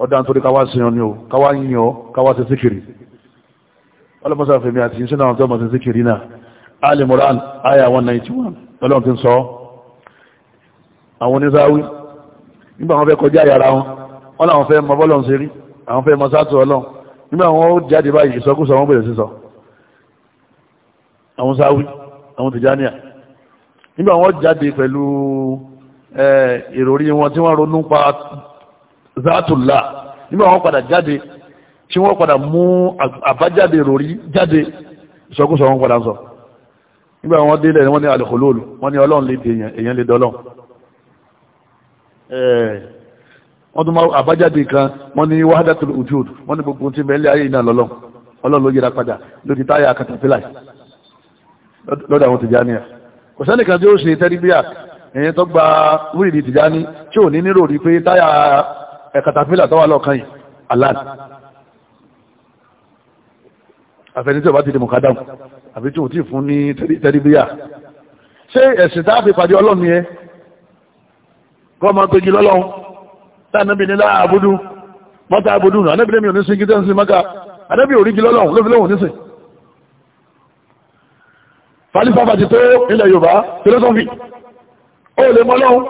ọ̀dá torí káwá sí ọ̀ní o káwá yìnyìn káwá sí síkìrì ọlọ́mọsá fèmí àti ìṣẹ́ náà tọ́mọ̀ sí síkìrì náà Ali Imran aya 191 ọlọ́run ti ń sọ àwọn oníṣáwí nígbà wọn fẹ́ kọjá yàrá wọn wọn fẹ́ mọ bọ́lọ̀ ṣe rí àwọn fẹ́ mọ sátú ọlọ́run nígbà wọ́n jáde pẹ̀lú ìròrí wọn tí wọ́n ronú pa zaatulá nígbà wọ́n padà jáde tí wọ́n padà mú àbájáde ìròrí jáde ìsọkúsọ wọn padà sọ nígbà wọ́n délẹ̀ wọ́n ní alìkòlóòlù wọ́n ní ọlọ́run lè dè èèyàn lè dọ́lọ́n wọ́n tún máa àbájáde kan wọ́n ní wahdatul wujud wọ́n ní gbogbo tí mẹ́lẹ̀ ayé iná lọ́lọ́n ọlọ́run ló yẹra padà ló táyà katapila lọ́dọ̀ àwọn tìjáníyà kò sẹ́nìkan tí ó ṣe tẹ́ríbíà ẹ̀yẹn tó gba wíìlì Tìjání tí ò ní nírò rí pé táyà ẹ̀kàtàfílà tó wà lọ́ọ̀kan yìí aláàd àfẹnití ọba ti di mọ̀kádàm àfi tí ò tí fún ní tẹ́ríbíà ṣé ẹ̀sìn tá a fi pàdé ọlọ́run yẹn kọ́ ọmọ péjì lọ́lọ́run táàbí ní láàbùdù mọ́tà àbùdù àdébìnrin mi ò fàlífàfà ti tó ilẹ̀ yorùbá philosophy ó lè mọ́ lọ́hun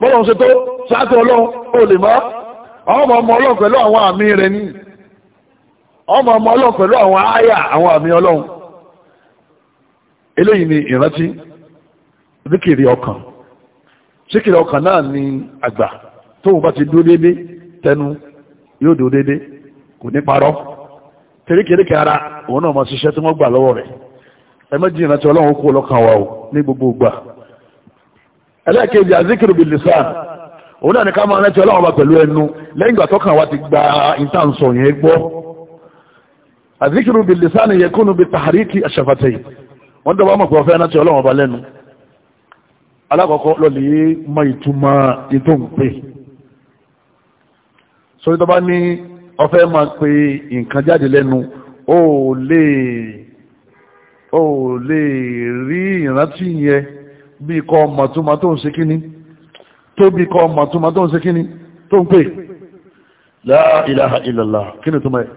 bọ́lọ̀ ṣe tó ṣáàtì ọlọ́hun ó lè mọ́ ọmọ ọmọ ọlọ́hun pẹ̀lú àwọn àmì rẹ̀ ní ọmọ ọmọ ọlọ́hun pẹ̀lú àwọn àyà àwọn àmì ọlọ́hun eléyìí ni ìrántí zikiri ọkàn zikiri ọkàn náà ni àgbà tóun bá ti dúró déédé tẹnu yóò dúró déédé kò ní parọ́ kérékèrékè ara òun náà mọ̀ ṣiṣẹ́ tí wọ́n gbà lọ́wọ́ rẹ̀ ẹ̀mẹ́jì ìrántí ọlọ́run kú ọlọ́kan wa o ní gbogbo ìgbà ẹlẹ́ẹ̀kejì àzíkìrì bil lisan òun náà ní ká máa rántí ọlọ́run wa pẹ̀lú ẹnu lẹ́yìn ìgbà tọ́kàn wa ti gba ìtànsọ yẹn gbọ́ àzíkìrì bil lisan yakunu bi tahriki ash-shafatayn wọ́n dọ̀ wá mọ̀ pé ọ̀fẹ́ rántí ọlọ́run wa lẹ́nu alákọ̀ọ́kọ́ lọ́lẹ̀ yìí mọ ìtumọ̀ ètò ń pè tó bá ní ọ̀fẹ́ máa pe nǹkan jáde lẹ́nu ó lè o lè rí ìrántí yẹn bí kọ́ mọ̀túnmọ̀ tó ń ṣe kíní tó bí kọ́ mọ̀túnmọ̀ tó ń ṣe kíní tó ń pè la ilaha illallah kí ni túnmọ̀ ẹ̀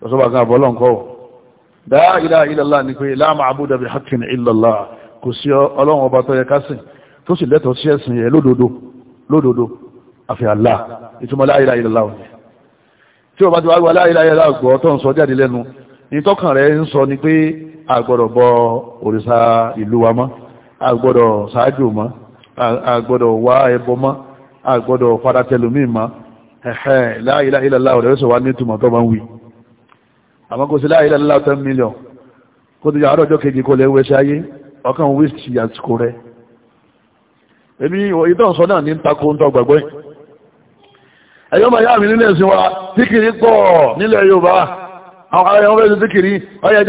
lọ́sọ́bà kan àbọ̀lọ́ nǹkan o la ilaha illallah ni pé la ma'buda bi haqqin illallah kò sí ọlọ́run ọba tó yẹ kásìn tó sì lẹ́tọ̀ọ́ sí ẹ̀sìn yẹn lódodo lódodo àfi Allah ìtumọ̀ la ilaha illallah òní tí o bá ti wá gba la ilaha illallah gbọ́ tó ń sọ jáde lẹ́nu ìtọ́kàn rẹ̀ ń sọ ni pé agbọ́dọ̀ bọ orisa ìlú wa mọ́ agbọ́dọ̀ ṣáájú mọ́ agbọ́dọ̀ wá ẹbọ mọ́ agbọ́dọ̀ ma, tẹlùmí mọ́ ẹ̀hẹ́ la ilaha illallah ọ̀rẹ́sọ̀ wá ní túmọ̀ tó máa ń wí àmọ́ kò sí la ilaha illallah ten million kó kejì ọkàn sọ náà ní ń takò ń àwọn ará wọn fẹ́ ṣe síkìrí ọyẹ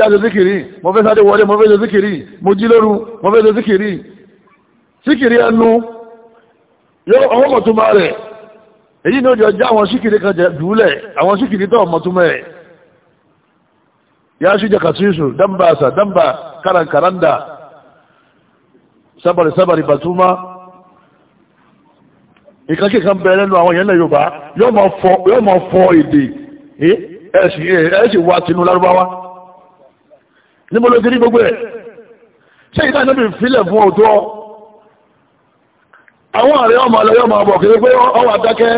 ẹja síkìrí síkìrí ẹnu yóò ọwọ́ mọ̀túnmá rẹ̀ èyí ní ọjọ́ já àwọn síkìrí kan jẹ dùúlẹ̀ àwọn síkìrí tó mọ̀túnmá rẹ̀ yá sí kàtíṣù dámbà àṣà dámbà kàràǹkàràǹdà sábàrì sábàrì bàtúmá ìkankíkan bẹ̀rẹ̀ àwọn yóò mọ̀ èdè ẹ̀ẹ́sì wá tinú lárúbáwá níbo ló ti rí gbogbo ẹ̀ ṣé ìdá ìnábì fílẹ̀ fún ọ̀tọ́ àwọn àrẹ ọmọ alẹ́ ọmọ àbọ̀ kiri pé ọwọ́ adákẹ́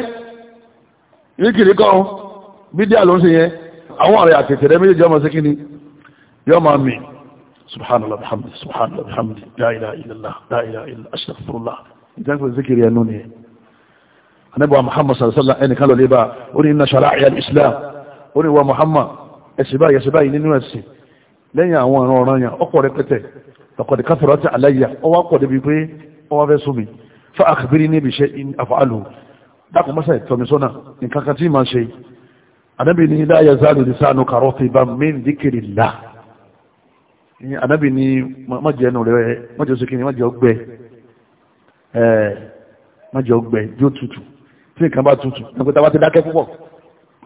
yìí kiri kan bídíà ló ń ṣe yẹn àwọn àrẹ àtẹ̀tẹ̀rẹ́ méjèèjì ọmọ sí kíni yọ máa mì subhanallah alhamdi subhanallah alhamdi la illallah la ilaha illallah astaghfirullah ìtẹ́kùn zikiri ẹnu ni anabi wa muhammad sallallahu alaihi wa sallam ẹnìkan lọ lè bá inna shara'i al-islam ó wa Muhammad ẹ̀sìn báyìí ẹ̀sìn báyìí nínú ẹ̀sìn lẹ́yìn àwọn ọ̀ràn ọ̀ràn yàn ọkọ̀ rẹpẹtẹ ọkọ̀dé kásọ̀rọ̀ ti àlàyé ọwọ́ pọ̀ débi pé ọwọ́ fẹ́ súnmi fún àkàbírí níbi iṣẹ́ àfàálù dákùn mọ́sà ìtọ́misọ́nà nǹkan kan tí ma ṣe anábì ní láyé záàlù ní sáànù kàrọ́ ti bá mí ń díkìrì là anábì ní mọ́jẹ́ ẹnu rẹ̀ mọ́jẹ́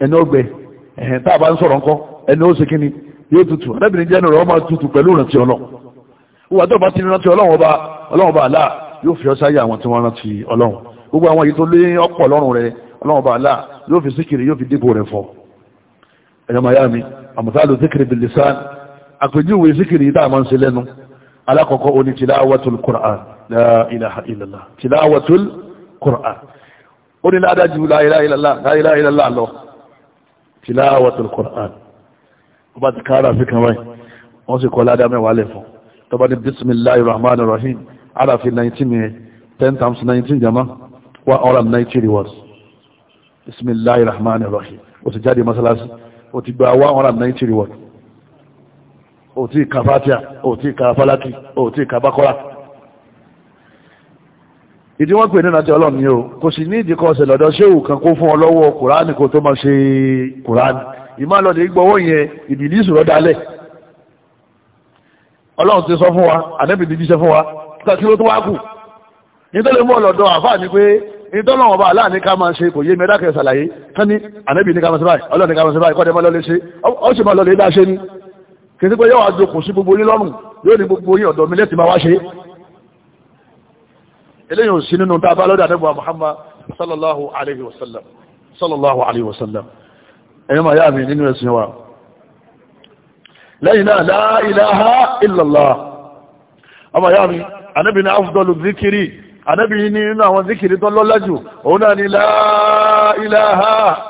ẹni ọgbẹ́ ẹ̀hẹ̀n tá a bá ń sọ̀rọ̀ ńkọ́ ẹni ó ṣe kí ni yóò tutù arábìnrin jẹ́ ẹnìrọ̀ ọmọ tutù pẹ̀lú ìrántí ọlọ́run wọ́n tó bá ti rántí ọlọ́run ọba ọlọ́run ọba àlá yóò fi ọsáyà àwọn tí wọ́n rántí ọlọ́run gbogbo àwọn yìí tó lé ọ̀pọ̀ ọlọ́run rẹ ọlọ́run ọba àlá yóò fi síkiri yóò fi dìbò rẹ fọ ẹ̀yọ́ mayami àmọ̀tálù síkiri bil lisan àpèjúwe síkiri yìí tá a máa ń ṣe lẹ́nu alákọ̀ọ́kọ́ oní qur'an la ilaha illallah tìláwàtul qur'an ó ní ládàjú la ilaha tilawatul Qur'an ọba ti kára fi kan báyìí wọ́n sì kọ́ ládá mẹ́wàá lẹ̀ fún tọba ní bismillahir rahmanir rahim arafi 19 10 times 19 jama 190 rewards bismillahir rahmanir rahim o ti jáde masalasi o ti gba 190 rewards o ti ka fatia o ti ka o ti ka ìdí wọ́n pè ní ìrántí ọlọ́run ni o kò sì ní ìdí kọsẹ̀ lọ́dọ̀ ṣéwù kan kó fún ọ lọ́wọ́ kùránì kó tó máa ṣe kùránì ìmọ̀lọ́dẹ gbọ́wọ́ yẹn ìbìlí ìṣòro ti sọ fún wa ànẹ́bì ti jíṣẹ́ fún wa kí ló tó wá kù nítorí mọ́ lọ́dọ̀ àfáà ní pé ìtọ́lọ́wọ̀n bá aláàní ká máa ṣe kò yé mẹ́dá kẹsà láyé kán ní ànẹ́bì ká máa ṣe báyìí ọlọ́run ni ká máa ṣe báyìí kọ́dẹ̀ eléyìí ò sí nínú tá a bá lọ́dọ̀ àdẹ́gbà Muhammad sallallahu alayhi wa sallam sallallahu alayhi wa sallam ẹ̀yọ́ ma yá mi nínú ẹ̀sìn wa lẹ́yìn náà la ilaha illallah ọmọ yá mi anábi ní afdalu zikiri anábi ní inú àwọn zikiri tó lọ́lájù òun náà ni la ilaha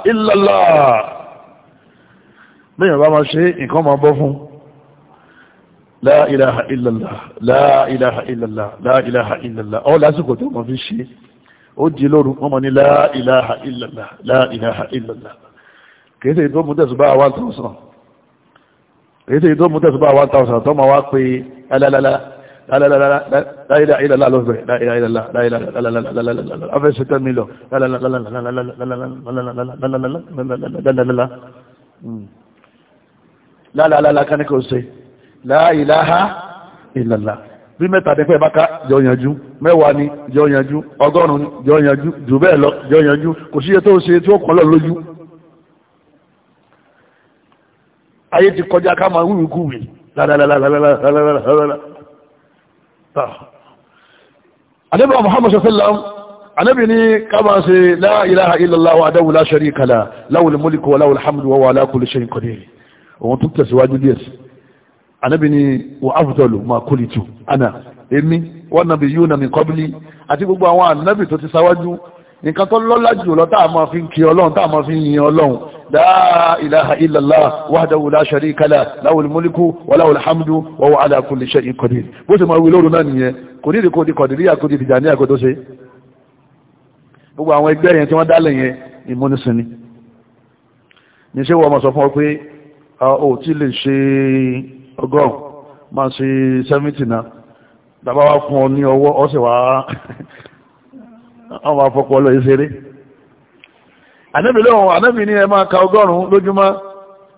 la ilaha illallah la ilaha illallah la ilaha illallah ọ lásìkò tó mọ̀ fi ṣe ó di lóru wọ́n mọ̀ ní la ilaha illallah la ilaha illallah kèése tó mú tẹ̀sùbá 1000 kèése tó mú tẹ̀sùbá 1000 tó ma wá pé alalala la ilaha illallah ló fẹ́ la ilaha illallah la ilaha illallah afẹ́ ṣe 10 million lálàlálà kan ní kò ṣe la ilaha illallah bí mẹ́ta dẹ́pẹ́ báká jọ yanjú mẹ́wàá ni jọ yanjú ọgọ́rùn-ún jọ yanjú jù bẹ́ẹ̀ lọ jọ yanjú kò síye tó ṣe tí ó kọ́ lọ lójú ayé ti kọjá ká máa wíwí kúwì lálálálálálálálálálá ànábì Muhammad sallam ànábì ní ká anabi ni wa afdalu ma kulitu ana èmi wa nabiyuna min qabli àti gbogbo àwọn anabi tó ti ṣáwájú nǹkan tó lọ́lá jù lọ táà fi ń kí ọlọ́run táà máa fi ń yin ọlọ́run la ilaha illallah wahdahu la sharika lah lahul mulku wa lahul hamdu wa huwa ala kulli shay'in qadir bó ṣe máa wí lóru náà nìyẹn kò ní ìdíkò di kọ̀dìrí àkójì ìdìjà ní àkójọ ṣe gbogbo àwọn ẹgbẹ́ yẹn tí wọ́n dálẹ̀ yẹn ìmúnisìn ni ní ṣé wọ́n mọ̀ sọ fún ọ pé ọ ò lè ṣe ọgọ́rùn máa ṣe sẹ́mìtì náà dábàá wá fún ọ ní ọwọ́ ọ sì wá àwọn afọ́pọ̀ ọlọ́ ìṣeré ànábì lọ́wọ́ ànábì ní ẹ máa ka ọgọ́rùn lójúmọ́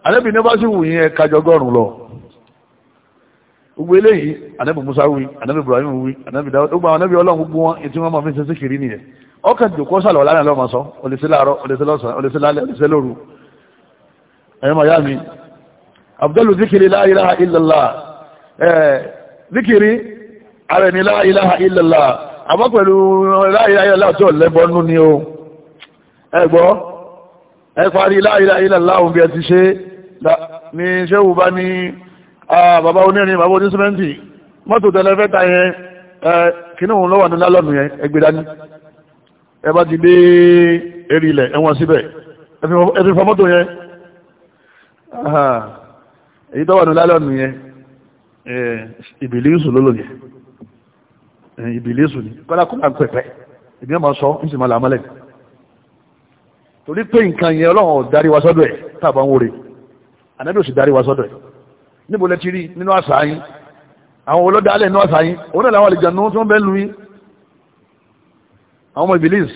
ànábì ní bá sì wù yín ẹ kájọ ọgọ́rùn lọ gbogbo eléyìí ànábì Musa wí ànábì Ibrahim wí ànábì Dawud gbogbo àwọn ànábì Ọlọ́run gbogbo wọn ètí wọn máa fi ṣe síkìrì nìyẹn ọkàn jòkó sàlọ̀ lánàá abdullu zikiri la ilaha illallah ẹ̀ zikiri ara ni la ilaha illallah àmọ́ pẹ̀lú la ilaha illallah tó lẹ́bọnú ni o ẹgbọ́ ẹ parí la ilaha illallah òun bí ẹ ti ṣe ni ṣéwù bá ní bàbá onírin bàbá onísímẹ́ntì mọ́tò tẹlẹfẹ́ta yẹn kínú òun lọ́wọ́ ní lálọ́nù yẹn ẹgbẹ̀dání ẹ bá ti dé erí ilẹ̀ ẹwọ̀n síbẹ̀ ẹ fi fọ mọ́tò yẹn èyí tó wà ní lálọ́nù yẹn ìbìlísù ló lòyẹ ìbìlísù ni kọ́lá kọ́lá ń pẹ̀pẹ́ ìbí ọmọ sọ ń sì máa làmọ́lẹ̀ torí pé nǹkan yẹn ọlọ́run ò darí wa sọ́dọ̀ ẹ̀ tàbá ń wòrè ànábì ò sì darí wa sọ́dọ̀ ẹ̀ níbo lẹ ti rí nínú àṣà yín àwọn olódàálẹ̀ nínú àṣà yín òun náà làwọn àlejò àná tó ń bẹ́ lu yín àwọn ọmọ ìbìlísù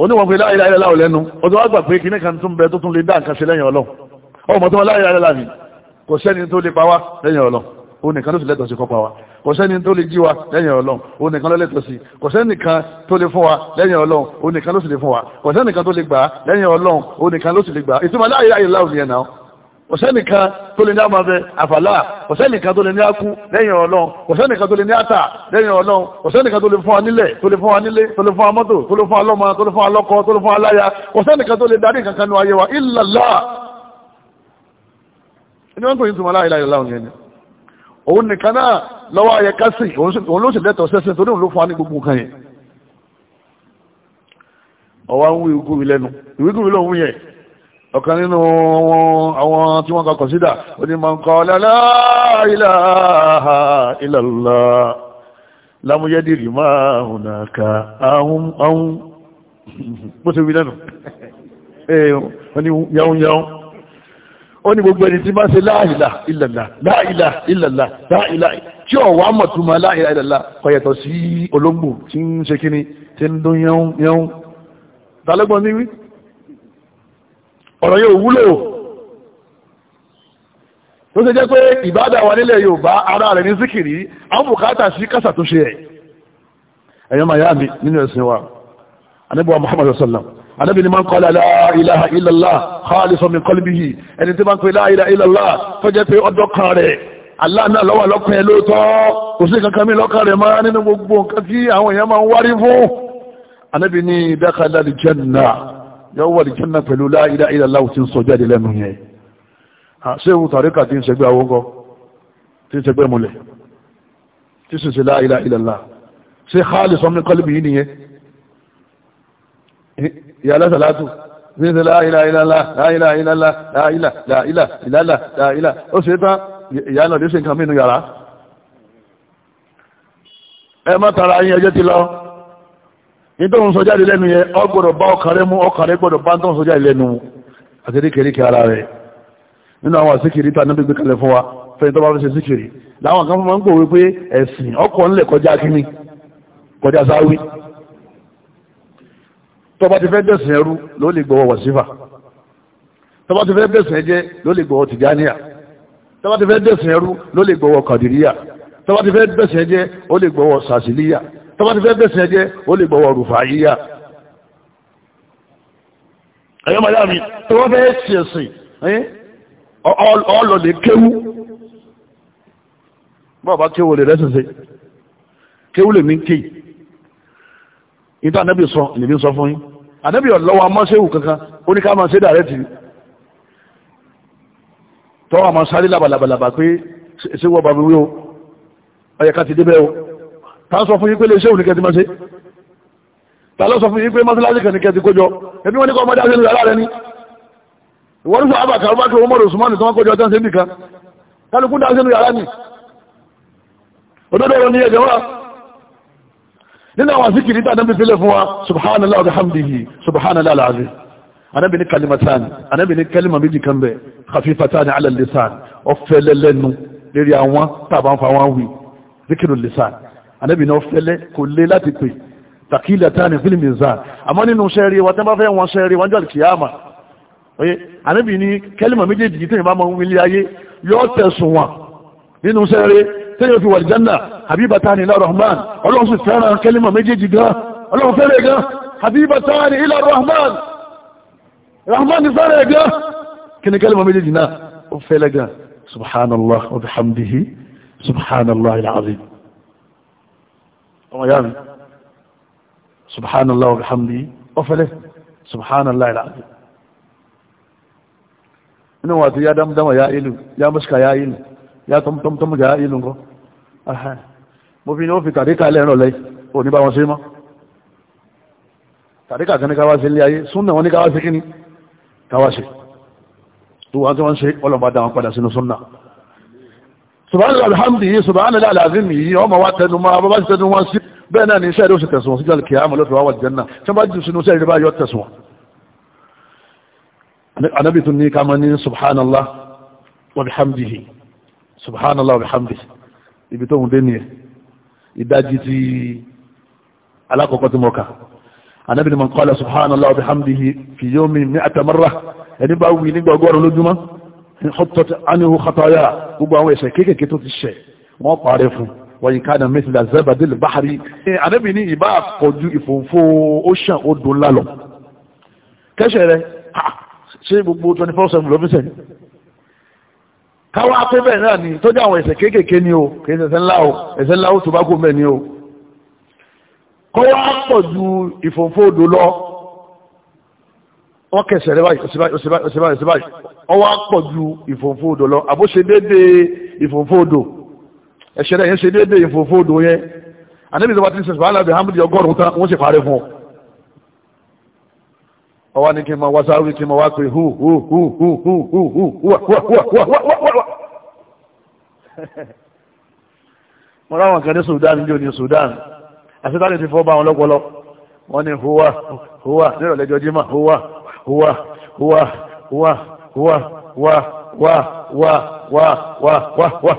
oníwọ̀n pé láìláìlá ò lẹ́nu ọjọ́ wá gbà pé kíní kan tún bẹ tó tún lè dá nǹkan ṣe lẹ́yìn ọlọ́run ọmọ tó wọn láyé ayé láàrin kò sẹ́ni tó lè pa lẹ́yìn ọlọ́ o nìkan ló sì lẹ́tọ̀ọ́ sí kó pa wá kò sẹ́ni tó lè jí lẹ́yìn ọlọ́ o nìkan ló lẹ́tọ̀ọ́ sí kò sẹ́ni kan tó lè fún wa lẹ́yìn ọlọ́ o nìkan ló sì lè fún wa kò sẹ́ni kan tó lè gbà lẹ́yìn ọlọ́ o nìkan ló sì lè gbà ìtumọ̀ láyé ayé láàrin yẹn náà kò sẹ́ni kan tó lè ní àmàbẹ àfàlà kò sẹ́ni kan tó lè ní àkú lẹ́yìn ọlọ́run kò sẹ́ni kan tó lè ní àtà lẹ́yìn ọlọ́run kò sẹ́ni kan tó lè fún wa nílẹ̀ tó lè fún wa nílé tó lè fún wa mọ́tò tó lè fún wa lọ́mọ tó lè fún wa lọ́kọ tó lè fún wa láya kò sẹ́ni kan tó lè darí kankan nu ayé wa illa ní wọ́n pè ní tùmọ̀ láìláì láwọn yẹn ni òun nìkan náà lọ́wọ́ ayẹ kásìn òun ló sì lẹ́tọ̀ọ́ sẹ́sìn tó níhùn ló fún wa ní gbogbo nǹkan yẹn ọwọ́ ń wí ìwíkúwì lẹ́nu ìwíkúwì lòun yẹn ọ̀kan nínú àwọn tí wọ́n ka kọ̀sídà onímọ̀ nǹkan lálá máa hùn àkà ahun ó ní gbogbo ẹni tí bá ṣe láàìlà ìlàlà láàìlà ìlàlà láàìlà tí ó wà mọ̀túnmọ̀ láàìlà ìlàlà kọ̀yẹ̀tọ̀ sí olóngbò tí ń ṣe kíní tí ń dún yẹun yẹun dalẹ́gbọ́n ní wí ọ̀rọ̀ yóò wúlò tó ṣe jẹ́ pé ìbádà wà nílẹ̀ Yorùbá ara rẹ̀ ní síkìrí àwọn bùkátà sí kásà tó ṣe ànábì ni máa ń kọ́ la ilaha illallah khalisun min qalbihi ẹni tí máa ń pè la ilaha illallah tó jẹ́ pé ọdọ́ kan rẹ̀ Allah náà lọ́wọ́ lọ́kàn ẹ̀ lóòótọ́ kò sí kankan mi lọ́kàn rẹ̀ máa nínú gbogbo nǹkan tí àwọn èèyàn máa ń wárí fún ànábì ni dakhala al-janna yóò wà al-janna pẹ̀lú la ilaha illallah tí ń sọ jáde lẹ́nu yẹn ṣé ìyá lásàlátù ní ṣe láìlà ìlàlá láìlà ìlàlá láìlà láìlà ìlàlá láìlà ó ṣe yàrá ẹ má tara yín ẹjẹ́ ti lọ nítorí sọ jáde lẹ́nu yẹn ọ gbọ́dọ̀ bá ọkàn mú ọkàn rẹ bá nínú àwọn fún wa fẹ́ni tó bá fi kan fún ma ń gbòwe pé kọjá tọba ti fẹ́ dẹ̀sìn ẹrú ló lè gbọ́wọ́ wàsífà tọba ti fẹ́ dẹ̀sìn ẹjẹ́ ló lè gbọ́wọ́ tìjáníà tọba ti fẹ́ dẹ̀sìn ẹrú ló lè gbọ́wọ́ kàdìríyà tọba ti fẹ́ dẹ̀sìn ẹjẹ́ ó lè gbọ́wọ́ sàsìlíyà tọba ti fẹ́ dẹ̀sìn ẹjẹ́ ó lè gbọ́wọ́ rùfàyíyà ẹ̀yọ́ màdá mi ìta ànábì sọ ìlèmí sọ fún yín ànábì ọ̀lọ́wọ́ amáṣẹ́wù kankan ó ní ká máa ṣe dàrẹ́ tì tọ́wọ́ àmọ́ sáré labalabalaba pé ṣé wọ́n bá mi wí o ọ̀yẹ̀ ká ti débẹ̀ o ta sọ fún yín pé lè ṣéwù ní kẹ́tí máa ṣe ta lọ sọ fún yín pé mọ́sálásí kan ní kẹ́tí kójọ ẹbí wọ́n ní kọ́ ọmọdé àti ìlú aláàrẹ ni ìwọ́n ní sọ àbàkà ọbákẹ́ owó mọ́rọ̀ òsùmọ́nì tó wọ́n kójọ ọjọ́ ń ṣe nìkan kálukú dá sínú yàrá ni òdodo ọ̀rọ̀ ni ẹ̀jẹ̀ wà nínú àwọn zikiri tí anábì fílẹ̀ fún wa subhanallah wa hamdihi subhanallah alazim anábì ní kalimatan anábì ní kalima méjì kan bẹ khafifatan ala lisan ọfẹlẹ lẹ́nu lérí àwọn tàbá ń fa wọn wí zikiru lisan anábì ní ọfẹlẹ kò lé láti pè takilatan fil mizan àmọ́ nínú sẹ́ẹ̀rí wa tí wọ́n bá fẹ́ wọn sẹ́ẹ̀rí wọn jọ kìyàmà oye anábì ní kalima méjèèjì tí ìbá máa ń wí ayé yóò tẹ̀sùn wọn nínú sẹ́ẹ̀rí tẹ́yọ̀ fi wà ìjánà habibata ni ila rahman ọlọ́run sì fẹ́ràn kẹ́límà méjèèjì gan ọlọ́run fẹ́rẹ̀ gan habibata ni ila rahman rahman ni fẹ́rẹ̀ gan kí ni kẹ́límà méjèèjì náà ó fẹ́lẹ̀ gan subhanallah wa bihamdihi subhanallah al-azim ọmọ yára mi subhanallah wa bihamdihi ó fẹ́lẹ̀ subhanallah al-azim ina wato ya damdama ya ilu ya muska ya ilu ya tamtamtam ga ilu ko mo fi ní ó fi tàríkà lẹ́rùn lẹ́yìn ò ní bá wọn ṣe mọ́ tàríkà kan ní káwá ṣe ilé ayé súnà wọn ní káwá ṣe kíní káwá ṣe tó wọn tí wọ́n ṣe ọlọ́mọ dá padà sínú súnà subhanallah wa bihamdihi subhanallah wa bihamdihi ibi tóhun dé ní ẹ̀ ìdájí ti alákọ̀ọ́kọ́ tí mọ́ka anábì ni man qala subhanallah wa bihamdihi fi yawmi mi'ata marra ẹni bá wí nígbà ọgọ́rùn lójúmọ́ huttat anhu khataya gbogbo àwọn ẹ̀ṣẹ̀ kéékèèké tó ti ṣẹ̀ wọ́n parẹ́ fún wọ́n kana mithla zabadil bahri anábì ni ìbá àkọ́jú ìfòǹfò ocean odò ńlá lọ rẹ̀ ṣe gbogbo 24/7 lọ́fíìsẹ̀ káwá pé bẹ́ẹ̀ náà ni tó jẹ́ àwọn ẹ̀ṣẹ̀ kéékèèké ni o kìí ṣẹ̀ṣẹ̀ ńlá o ẹ̀ṣẹ̀ ńlá ó tó bá kó mẹ́ ni o kọ́wá pọ̀ ju ìfòfóòdò lọ wọ́n kẹsẹ̀ rẹ báyìí ọwọ́ pọ̀ ju ìfòfóòdò lọ àbó ṣe dédé ìfòfóòdò ẹ̀ṣẹ̀ rẹ̀ yẹn ṣe dédé ìfòfóòdò yẹn àníbi ìjọba ti ń sẹ̀sẹ̀ alábi hamdi ọgọ́rùn tán wọ́n sì parẹ́ fún ọ ọwọ́ ni kí n máa wá sáré kí n máa wá pé hu hu hu hu hu hu hu. hù hù hù hù hù hù hù mo ráwọn kan ní Sudan jò ní Sudan àṣetáni ti fọ́ bá wọn lọ́pọlọ wọ́n ní huwa huwa nírọ̀lẹ́jọ́ jímà huwa huwa huwa huwa huwa Huwa, Huwa. wa wa wa wa wa wa wa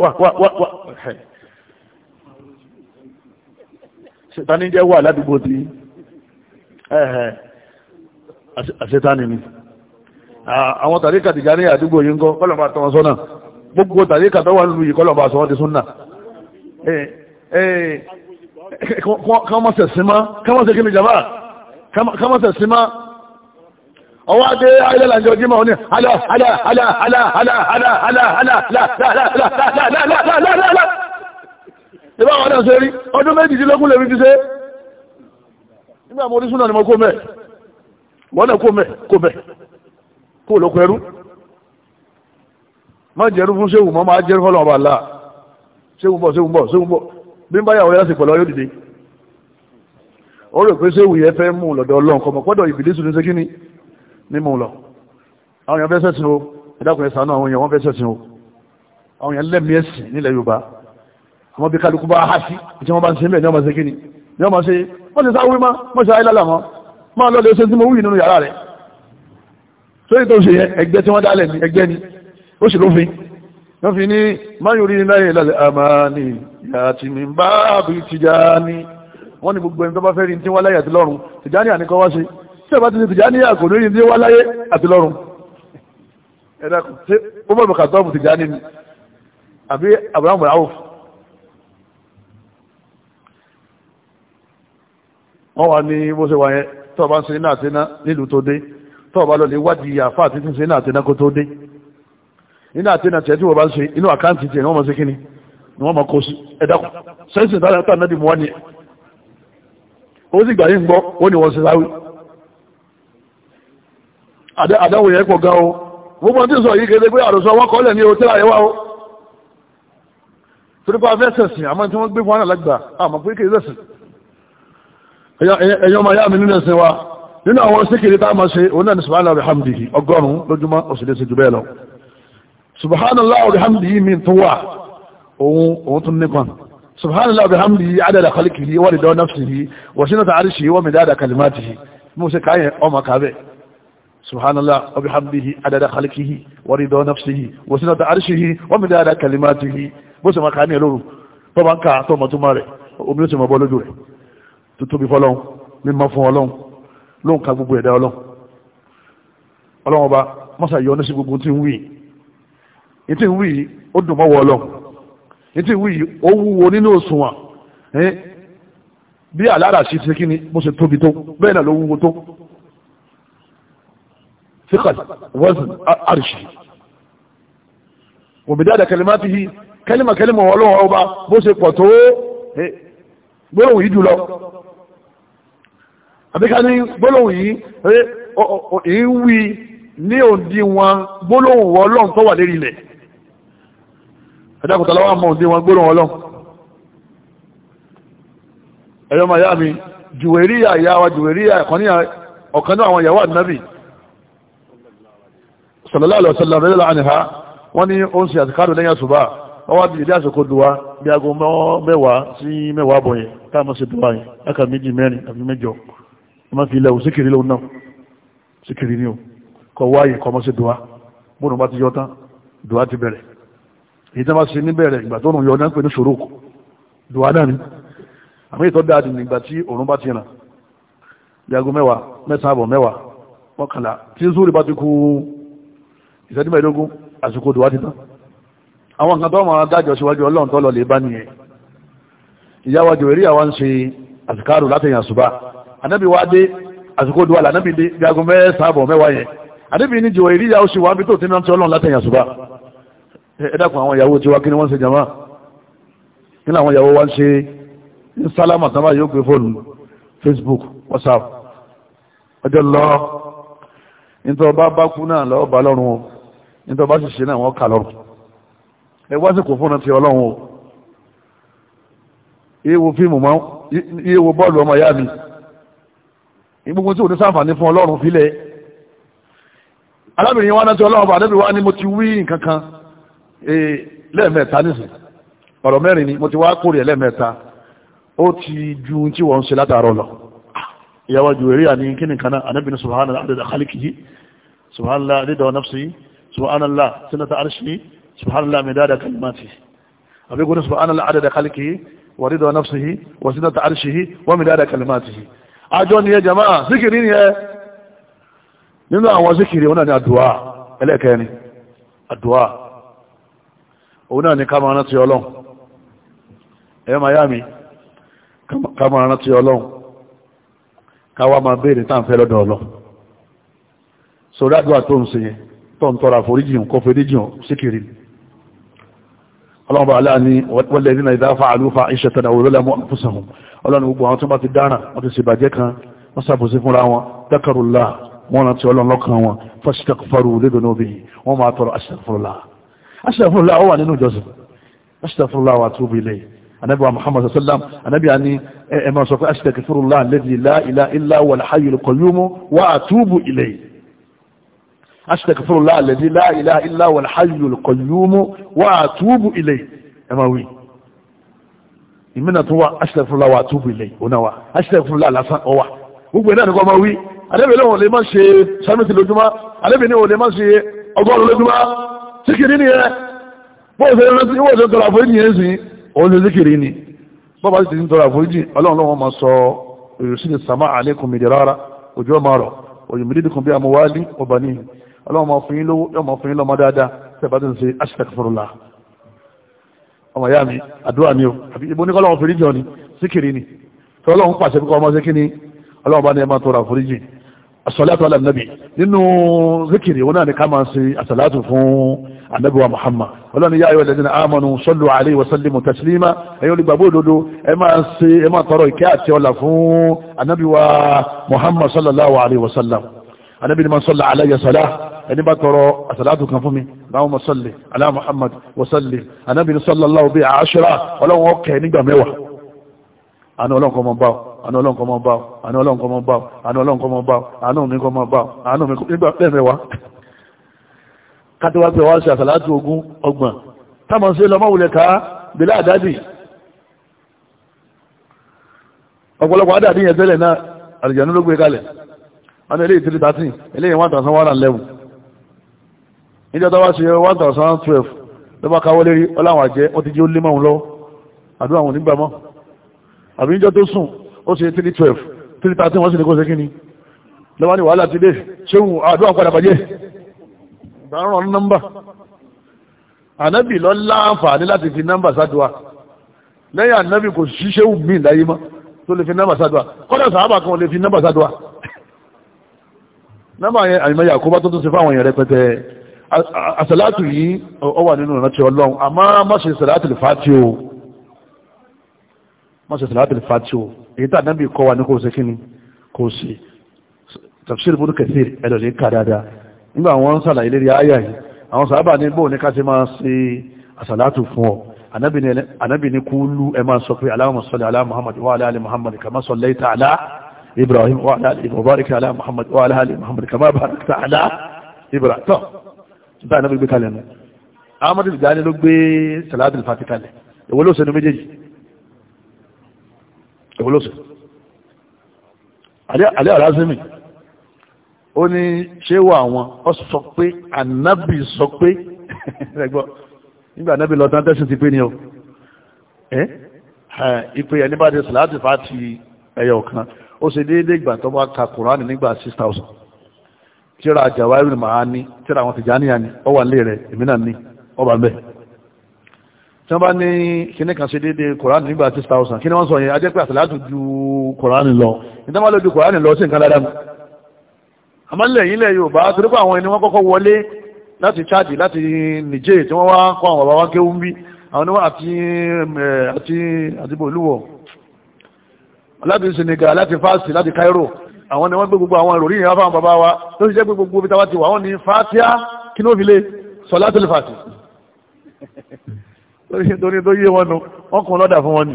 wa wa wa wa ṣetani jẹ́ wà ládùúgbò tí ẹ̀ẹ̀ àṣetani ni àwọn tàríkà tìjà ní àdúgbò yìí ń kọ́ kọ́lọ̀mà tọ́wọ́sọ́nà gbogbo tàbí kàtọ́ wà lórí ìkọlọ̀ bá sọ́wọ́n ti súnà kọmọ́sẹ̀símá ọwọ́ adé ayélujájọ́ jímọ̀ oní alá alá alá alá alá alá alá alá lálálálálálálálálálá ìbá wọn náà sẹ́rí ọdún méjìdínlógún lè rí ti ṣe nígbà mọ́ orí súnà ni mọ́ kó mẹ́ wọ́n náà kó mẹ́ kó mẹ́ kó lókọ ẹrú má jẹ́rú fún ṣéwù mọ́ máa jẹ́rú fọ́lọ́wọ́ bàálà ṣéwù bọ̀ ṣéwù bọ̀ ṣéwù bọ̀ bí ń báyàwó yá sí pẹ̀lú ọyọ́ dìde ó rò pé ṣéwù yẹ fẹ́ mú lọ́dọ̀ ọlọ́run kọmọ pọ́dọ̀ ìbílísù ní sékíní ní mú lọ àwọn èèyàn fẹ́ sẹ́sìn o ìdákùn ẹ̀sán náà àwọn èèyàn wọ́n fẹ́ sẹ́sìn o àwọn èèyàn lẹ́mí ẹ̀sìn nílẹ̀ Yorùbá àwọn bí kálukú bá há sí tí wọ́n bá ń ṣe mẹ́ẹ̀ ní ni ó sì lófin wọ́n fi ní máyò rí nílá ìlàlẹ̀ àmàní àti mìíbá àbí tìjáni wọ́n ní gbogbo ẹni tó bá fẹ́ rí tí wá láyé àti lọ́run tìjáni àníkọ́ wá sí tí ẹ̀bá ti ní tìjáni àkò ní rí tí wá láyé àti lọ́run wọ́n wà ní bó ṣe wà yẹn tọ́ọ̀bá ń sin náà àti nílùú tó dé tọ́ọ̀bá lọ lè wádìí àfáà títí sin náà àti náà kó tó dé nínú àtẹ́nà tẹ́ tí wọ́n bá ń ṣe inú àkáǹtì tẹ̀ ní wọ́n mọ̀ sí kíní ni wọ́n mọ̀ kó sí ẹ̀dàkù sẹ́ńsì tààtà náà di mọ́ ni ó sì gbà yín gbọ́ ó ní wọ́n ṣe sáwí àdáwò yẹn pọ̀ gan o gbogbo tí ń sọ yìí kéde pé àròsọ wọn kọ́lẹ̀ ní hotel àyẹ̀wá o torí pa afẹ́ àmọ́ tí wọ́n gbé fún àlàgbà àmọ́ pé kéde sẹ̀sìn ẹ̀yọ́ máa yá mi nínú ẹ̀sìn wa nínú àwọn síkiri tá a máa ṣe òun náà ní subhanahu wa bihamdihi ọgọ́rùn-ún lójúmọ́ òṣèlú ṣe jù bẹ́ẹ̀ lọ subhanallah wa bihamdihi min tuwa òun òun tún nípa subhanallah wa bihamdihi adada khalqihi wa rida nafsihi wa sinata arshihi wa midada kalimatihi mo ṣe kayan ọmọ kàbẹ̀ سبحان الله وبحمده عدد خلقه ورضا نفسه وسنة عرشه ومداد كلماته بس ما كان يلوه طبعا كا طبعا تماري omi ó sì mọ̀ bọ́ lójú rẹ̀ tó tóbi fọ́lọ́un mímọ́ fún ọlọ́un lóun ka gbogbo ẹ̀dá ọlọ́un ọlọ́un ọba mọ́sà yọ ní sí gbogbo tí ń wí ètò ìwú yìí ó dùn mọ́ wọ́ lọ ètò ìwú yìí ó wúwo nínú òṣùwọ̀n bí àlára sí ti kí ni mo ṣe tóbi tó bẹ́ẹ̀ náà ló wúwo tó ثقل وزن عرشي وبداد كلماته كلمة كلمة ولوها أوبا بوسي قوتو gbólóhùn yìí jùlọ àbíká ní gbólóhùn yìí èyí wí ní òdí wọn gbólóhùn Ọlọ́run tó wà lérí ilẹ̀ ẹ̀dàkùtà lọ́wọ́ àmọ́ òdí wọn gbórùn ọlọ́ ẹ̀yọ́ ma yá mi jùwèríyà ìyá wa jùwèríyà ẹ̀kọ́níyà ọ̀kan àwọn ìyàwó ànábì sallallahu alaihi wasallam radiyallahu anha wọ́n ní ó ń ṣe àtìkádùn lẹ́yìn àṣùbà wọ́n wá ìdí àsìkò dùwà bí aago mẹ́wàá sí mẹ́wàá bọ̀ yẹn táàmù sí dùwà yẹn láka méjì mẹ́rin àbí mẹ́jọ wọ́n máa fi ilẹ̀ òun èyí tí wọ́n bá ṣe níbẹ̀rẹ̀ ìgbà tó rùn yọ náà pé ní ṣòro dùwà náà ni àmì ìtọ́ dáadì nígbà tí òrùn bá ti ràn yàgò mẹ́wàá mẹ́sàn àbọ̀ mẹ́wàá mọ́kànlá tí ń súrì bá ti kú ìṣẹ́jú mẹ́ẹ̀ẹ́dógún àsìkò dùwà ti tán àwọn nǹkan tó máa dájọ́ síwájú ọlọ́run tó lọ lè bá nìyẹn ìyáwá jòwérí àwọn ń ṣe àsìkárù látẹ̀yìn àṣùbà anábì wá dé àsìkò dùwà lànàbì dé yàgò mẹ́sàn mẹ́wàá yẹn anábì ní jòwérí yà ó sì wá bí tó ti náà ẹ̀dàkùn àwọn ìyàwó tí wá kí ni wọ́n ṣe jama kí láwọn ìyàwó wá ń ṣe ní sálámà tánbà yóò gbé fóònù facebook whatsapp ọjọ́ lọ nítọ́ bá bá kú náà lọ́ọ́ bá lọ́rùn o nítọ́ bá sì ṣe náà wọ́n kà lọ́rùn ẹ wá sí kò fóònù ti ọlọ́run o iye wo fíìmù mọ́ iye wo bọ́ọ̀lù ọmọ ìyá mi ìgbógun tí ò ní sáǹfààní fún ọlọ́run fílẹ̀ alábìnrin wa náà ti ọlọ́run bá débi wá ní mo ti wí nǹkan kan Eh, lẹ́ẹ̀mẹ́ta nísìn ọ̀rọ̀ mẹ́rin ni mo ti wá kórè ẹ̀ lẹ́ẹ̀mẹ́ta ó ti ju tí wọ́n ń ṣe látàárọ̀ lọ ìyàwó jùwèrí àní kíni kaná anábìnrin subhanallah adada khalikihi subhanallah adada nafsi subhanallah sinata arshi subhanallah midada kalimati àbí kò ní subhanallah adada khalikihi wa rida nafsihi wa sinata arshihi wa midada kalimatihi àjọ ni ẹ jama'a síkìrí ni ẹ nínú àwọn síkìrí wọn náà ni àdúà ẹlẹ́kẹ́ni àdúà òun náà ni ká máa rántí ọlọ́run ẹ máa yá mi ká máa rántí ọlọ́run ká wá máa béèrè tá à ń fẹ́ lọ́dọ̀ ọlọ́run sórí àdúrà tó ń ṣe yẹn tó ń tọrọ àforíjìn kó foríjìn síkiri ọlọ́run bá aláà ní walladhina idha fa'alu fa'ishatan aw zalamu anfusahum ọlọ́run gbogbo àwọn tó bá ti dára wọ́n ti ṣèbàjẹ́ kan wọ́n ṣàbòsí fúnra wọn dhakarullah wọ́n rántí ọlọ́run lọ́kàn wọn fastaghfiru li dhunubihim wọ́n máa tọrọ astaghfirullah aṣèfúnlá ó wà nínú ìjọsìn aṣèfúnlá wà túbú ilé anabi wa muhammad sallam anabi a ní ẹ máa sọ pé aṣèfúnlá alladhi la ilaha illa huwa al-hayyul qayyum wa atubu ilay aṣèfúnlá alladhi la ilaha illa wà aṣèfúnlá wa gbogbo ẹ̀dá nìkan máa wí alẹ́bìnrin ò lè má ṣe sámẹ́tì lójúmọ́ alẹ́bìnrin ò lè má ṣe ọgọ́rùn lójúmọ́ síkìrì ni ẹ bóòsè rántí bóòsè tọrọ àforíjì yẹn sìn òun ṣe síkìrì ni bọ́ọ̀bá sì ti ń tọrọ àforíjì ọlọ́run lọ́wọ́ máa sọ èrèsí ni sàmà àlékún mi rárá ojú ọmọ rọ òyìnbídìkùn bí amúwálí ọba ní ọlọ́run máa fún yín lówó yóò máa fún yín lọ́mọ dáadáa tẹ́bà tó ń ṣe astaghfirullah ọmọ ìyá mi àdúrà mi o àbí ibo ní kọ́lọ́run foríjì ni síkìrì ni tọ́lọ́run pàṣẹ asọ́látọ̀ alànàbì nínú zikiri wọn náà ni ká máa ṣe asọ́látọ̀ fún annabuwa muhammad wọn náà ni yáyọ lẹ́dínà amanu sọ́lù alẹ́ wasallimu taslima ẹ̀yọ́ olùgbàgbọ́ òdodo ẹ máa ṣe ẹ máa tọrọ ìkẹ́ àti ọlà fún annabiwa muhammad sallallahu alaihi wasallam annabi ni ma sọ́lù alẹ́ yasọ́lá ẹni bá tọrọ asọ́látọ̀ kan fún mi láwọn masalli alá muhammad wasalli annabi ni sallallahu bí aṣọ́ra ọlọ́run àánú ọlọ́run kọ́ mọ́ bá ọ àánú ọlọ́run kọ́ mọ́ bá ọ àánú mọ́ bá ọ mi kọ́ mọ́ bá ọ àánú mi nígbà lẹ́ẹ̀mẹ́wàá kátó wá pé wá ṣe àsàlátù ogún ọgbọ̀n táwọn ṣe lọ́mọ́ wulẹ̀ ká bílá àdádì ọ̀pọ̀lọpọ̀ àdádì yẹn tẹ́lẹ̀ náà àlìjànú ló gbé kalẹ̀ one thousand one and eleven níjọ́ tó wá one thousand twelve ló bá káwọ́ lérí ọláwọ̀n àjẹ́ wọ́n ti jẹ́ ó lé mọ́ òun lọ́wọ́ àdúrà wọn nígbà àbí níjọ́ tó sùn ó ṣe three twelve three thirteen wọ́n sì ní kó ṣe kí ni lọ́wọ́ ni wàhálà ti dé ṣéhùn àdúrà padà bàjẹ́ ìbáràn nọ́mbà ànábì lọ láǹfààní láti fi nọ́mbà sádùá lẹ́yìn ànábì kò sí ṣéhùn míì láyé mọ́ tó lè fi nọ́mbà sádùá kọ́dà sàábà kan lè fi nọ́mbà sádùá nọ́mbà yẹn àyìnbá yàkóbá tó tún ṣe fáwọn èèyàn rẹpẹtẹ àṣàlátù yìí ó wà nínú ìrántí ọlọ́run àmọ́ má ṣe ṣàlátù lè fàtí o má ṣe ṣàlátù lè fàtí o èyí tí ànábì kọ́ wa ní kò ṣe kí ni kò ṣe tafsir ibn kathir ẹ̀dọ̀ lè ká dáadáa nígbà wọn sàlàyé lérí ayà yìí àwọn sàábà ní bóò ní ká ṣe máa ṣe àsàlátù fún ọ ànábì ní kúlú ẹ máa sọ pé allahumma salli ala muhammad wa ala ali muhammad kama sallaita ala ibrahim wa ala ali mubarak ìwọlọ́sẹ̀ alẹ́ àrázímì ó ní ṣé wà àwọn ọ sọ pé ànábì sọ pé ẹgbọ́ nígbà ànábì lọ tán tẹ́sí ti pé ní ọ ẹ́ ìpè ẹni bá dé sàláàtì fà ti ẹyọ kan ó ṣe déédéé ìgbà tó bá ka kùránì nígbà 6000 tíra àjàwá ìrìn màá ní tíra àwọn tìjà níyà ní ọ wà nílé rẹ̀ èmi náà ní ọ bá bẹ́ẹ̀ tí wọ́n bá ní kíní kan ṣe dédé koran nígbà 6000 kíní wọ́n sọ yẹn ajẹ́ pé àtàlátù ju koran lọ ní tán bá lọ ju koran lọ sí nǹkan dáadáa mú àmọ́ ilẹ̀ yìí ilẹ̀ Yorùbá torí pé àwọn ẹni wọ́n kọ́kọ́ wọlé láti Chad láti Niger tí wọ́n wá kọ́ àwọn bàbá wa kéwú bí àwọn oníwà àti àti láti Senegal láti fásitì láti Cairo àwọn ni wọ́n gbé gbogbo àwọn ìròrí ìyá fáwọn bàbá wa tó sì jẹ́ gbé gbogbo ibi táwa ti wà wọ́n ní fatia kí ní fi lé sọ látìlì fàtì torí tó yé wọn nu wọ́n kún lọ́dà fún wọn ni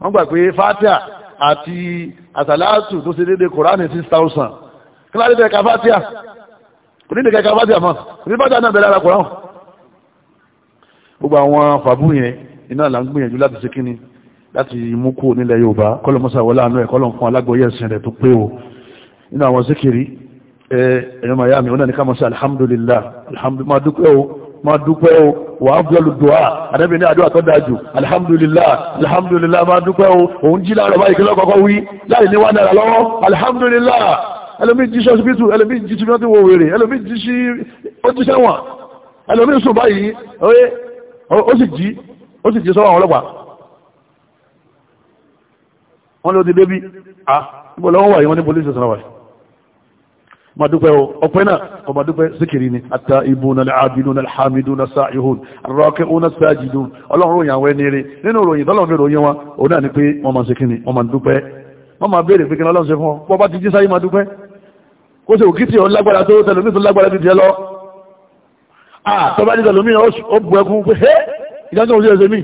wọ́n gbà pé fatia àti àsàlátù tó ṣe déédéé kòránì six thousand kí láti bẹ̀rẹ̀ ka fatia kò ní ìdíkẹ́ ka fatia mọ́ kò ní fatia náà bẹ̀rẹ̀ ara kòrán gbogbo àwọn fàbú yẹn iná là ń gbìyànjú láti ṣe kíni láti mú kú nílẹ̀ yorùbá kọ́lọ̀ mọ́sá wọlé àánú ẹ̀ kọ́lọ̀ fún alágbóyè ẹ̀sìn rẹ̀ tó pé o nínú àwọn síkiri ẹ̀yọ́mọ̀ ayá mi ó náà ní ká mọ́ sí alhamdulillah alhamdulillah máa dúpẹ́ o ma dúpẹ́ o wà á fíọ́lù dùá àdẹ́bìn ní àdúrà tó dájú alhamdulillah alhamdulillah ma dúpẹ́ o òun jí láàrọ̀ báyìí kílọ̀ kọ́kọ́ wí láì ní wà náírà lọ́wọ́ alhamdulillah ẹlòmí jí sí ọsibítù ẹlòmí jí sí fíọ́tì wò wèrè ẹlòmí jí sí ó ti sẹ́wọ̀n ẹlòmí sùn báyìí ó sì jí ó sì jí sọ́wọ́ àwọn ọlọ́pàá wọ́n ló ti débí ah níbo lọ́wọ́ wà yìí wọ́n ní polisi sọ̀rọ̀ wáyìí mọ̀dúpẹ́ o ọpẹ́ náà ọmọdúpẹ́ síkìrì ni ata ibùn al'abidun alhamidun asa'ihun arọ́kẹ́un asajidun ọlọ́run ròyìn àwọn ẹni rẹ̀ nínú ròyìn tọ́lọ́run ròyìn wọn òun náà ni pé wọ́n máa síkìrì wọ́n máa dúpẹ́ wọ́n máa béèrè pé kí ọlọ́run ṣe fún ọ bọ́ bá ti jí sáyé máa dúpẹ́ kó ṣe òkìtì ọ lágbára tó tẹlómi tó lágbára ti tiẹ lọ tọ́ba ní tẹlómi ó bu ẹkún pé hé ìdájọ́ òun ṣe mí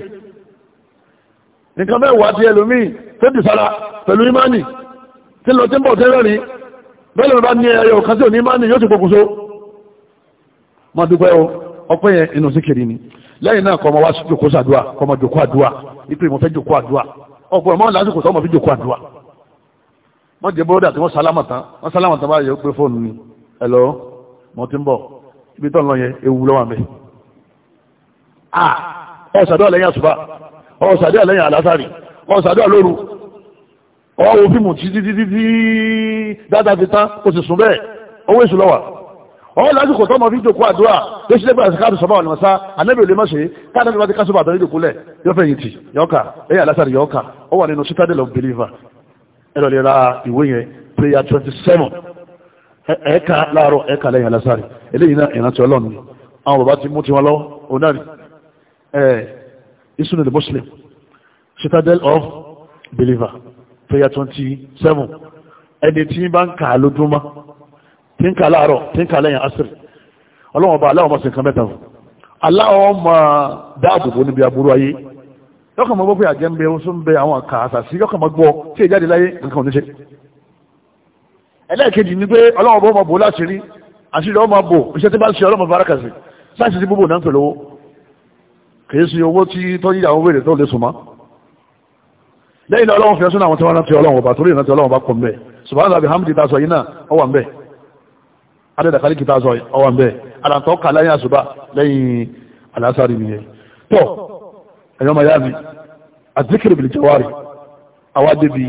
nǹkan mẹ́wàá ti ẹlòmíì tó dì sára pẹ̀lú ìmánì tí lọ tí ń bọ̀ tẹ́lẹ̀ rí bẹ́ẹ̀ bá ní ẹyọ kan tí ò ní máa ní yóò ti pokùnso ma dúpẹ́ o ọpẹ́ yẹn inú síkiri ni lẹ́yìn náà kọmọ wá jòkó sàdúà kọmọ jòkó àdúà ipò ìmọ̀fẹ́ jòkó àdúà ọgbọ̀n máa lásìkò tó mọ̀ fi jòkó àdúà wọ́n jẹ bọ́dà tí wọ́n sálámàtán wọ́n sálámàtán bá yẹ pé fóònù ni ẹ̀lọ́ mọ̀ ti ń bọ̀ ibi tó lọ yẹn ewu lọ́wọ́ mi ọ̀sàdúà ah! lẹ́yìn àsùbá ọ̀sàdúà lẹ́yìn àlásàrì ọ̀sàdúà lóru ọwọ́ fíìmù títí títí tí dáadáa fi tán kò sì sùn bẹ́ẹ̀ owó èṣù lọ́wà ọwọ́ lásìkò tọ́mọ fi jòkó àdúrà tó ṣe lẹ́gbẹ̀rẹ̀ káàdù sọ́mọ́ ọ̀nà sá anábì olè mọ́ṣe káàdù bá ti ká sọ́mọ́ àtọ́rí jòkó lẹ̀ yóò fẹ̀yìn tì yọ́ọ̀kà ẹ̀yà lásàrì yọ́ọ̀kà ó wà nínú citadel of believer ẹ lọ lè ra ìwé yẹn prayer twenty seven ẹ̀ẹ́ka láàárọ̀ ẹ̀ẹ́ka lẹ́yìn lásàrì eléyìí náà ìrántí ọlọ́run ni àwọn bàbá ti mú ti wọn lọ́wọ́ onáni ẹ̀ isunil muslim citadel of believer tọ́yá twenty seven ẹni tí bá ń kà á lójúmọ́ tí ń kà láàárọ̀ tí ń kà lẹ́yìn asiri ọlọ́wọ́n bá aláwọ̀ máa ṣe nǹkan mẹ́ta fún aláwọ̀ máa dáàbò bò níbi aburú ayé yọkàn máa gbọ́ pé àjẹ́ ń bẹ oṣù ń bẹ àwọn àkà àṣàṣì yọkàn máa gbọ́ tí èjáde láyé nǹkan ò ní ṣe ẹlẹ́ẹ̀kejì ni pé ọlọ́wọ́n bó máa bò láṣìírí àṣírí ọmọ bò iṣẹ́ tí bá ń ṣe ọlọ́mọ farakàṣì sáà lẹ́yìn náà ọlọ́run fi ẹ̀sùn àwọn tí wọ́n rántí ọlọ́run ọba torí ìrántí ọlọ́run ọba kò mbẹ́ subhanahu abi hamdi ta sọ yìí náà ọwà mbẹ́ adẹ́dàkálí kìí ta sọ ọwà mbẹ́ àlàntọ́ kà lẹ́yìn àṣùbà lẹ́yìn alásàrí nìyẹn tọ́ ẹ̀yọ́ mayami azikiri bil jawari awádé bi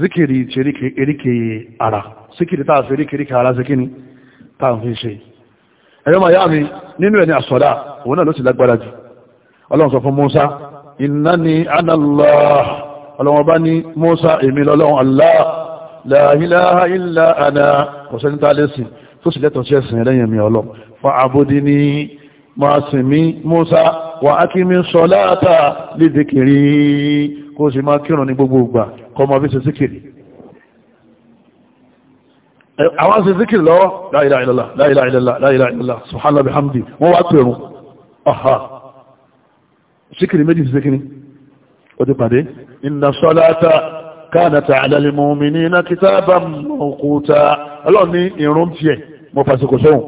zikiri ti eríkè zikiri tá a fi eríkè eríkè ara zikini tá a fi ṣe ẹ̀yọ́ mayami nínú ẹ̀ ní Musa innani ana Allah ọlọ́wọ́n bá ní Musa èmi lọ́lọ́wọ́n Allah la ilaha illa ana ọ̀sẹ́ni tá lẹ́sìn tó sì lẹ́tọ̀ sí ẹ̀sìn lẹ́yìn mi ọlọ́ fa àbúdí ní máa sìn mí Musa wà á kí mi sọ láàtà lídìkìrí kó sì máa kírun ní gbogbo ìgbà kọ́ mọ́ bí ṣe síkìrì àwọn ṣe síkìrì lọ́wọ́ ó ti pàdé inna salata kanat ala al-mu'minina kitaban mawquta ọlọ́run ní ìrún tiẹ̀ mo fàṣekò sóhun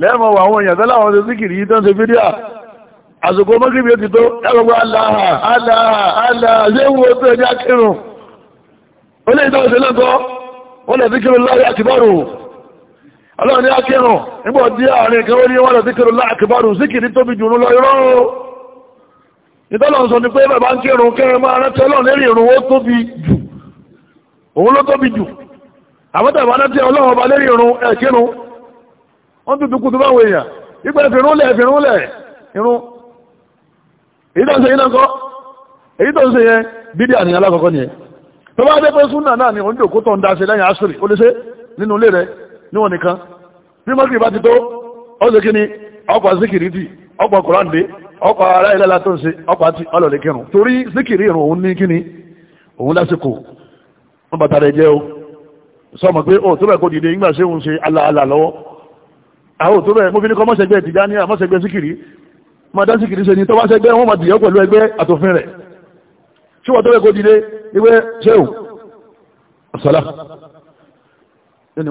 lẹ́ẹ̀mọ̀ wà àwọn èèyàn tẹ́lá àwọn ṣíkìrì yìí tán ṣe fídíà àsìkò mọ́kìrì ti tó ẹgbẹ̀gbẹ̀ aláhà aláhà aláhà ṣe ń wo tó ẹjá kírùn ó lè ìtàn ìṣẹ́lẹ̀ tó ó lè síkìrì láyé àkìbárù ọlọ́run ní akírùn nígbà dí àárín kan ìtọ́lọ̀ sọ ni pé bàbá ń kírun kẹrin máa rántí ọlọ́run lérí irun ó tóbi jù òun ló tóbi jù àwọn tàbí rántí ọlọ́run ọba lérí irun ẹ̀ kírun wọ́n ti dúkú tó bá wọ èèyàn ìgbà ìfìrúnlẹ̀ ìfìrúnlẹ̀ irun èyí tó ń ṣe yín náà èyí tó ń ṣe yẹn bídí àníyàn alákọ̀ọ́kọ́ nìyẹn tó bá dé pé súnà náà ni ń da ṣe ọkọ̀ ara ilẹ̀ látọ́ sí ọkọ̀ àti ọlọ́lẹ̀ kírun torí síkìrì ìrùn òun ní kíni òun lásìkò wọ́n bàtà rẹ̀ jẹ́ o sọmọ pé ó oh, tó bẹ̀ kó dìde ìgbà sí òun ṣe alaala lọ́wọ́ àwọn ò tó bẹ̀ mo fi ní kọ́ mọ́sẹ̀gbẹ́ Tìjàníyà mọ́sẹ̀gbẹ́ síkìrì máa dá síkìrì ṣe ni tó bá sẹ́gbẹ́ wọ́n máa dìyọ́ pẹ̀lú ẹgbẹ́ àtòfin rẹ̀ ṣé wọ́n tó bẹ̀ kó dìde ìwé ṣéun ọ̀sọ́lá ẹni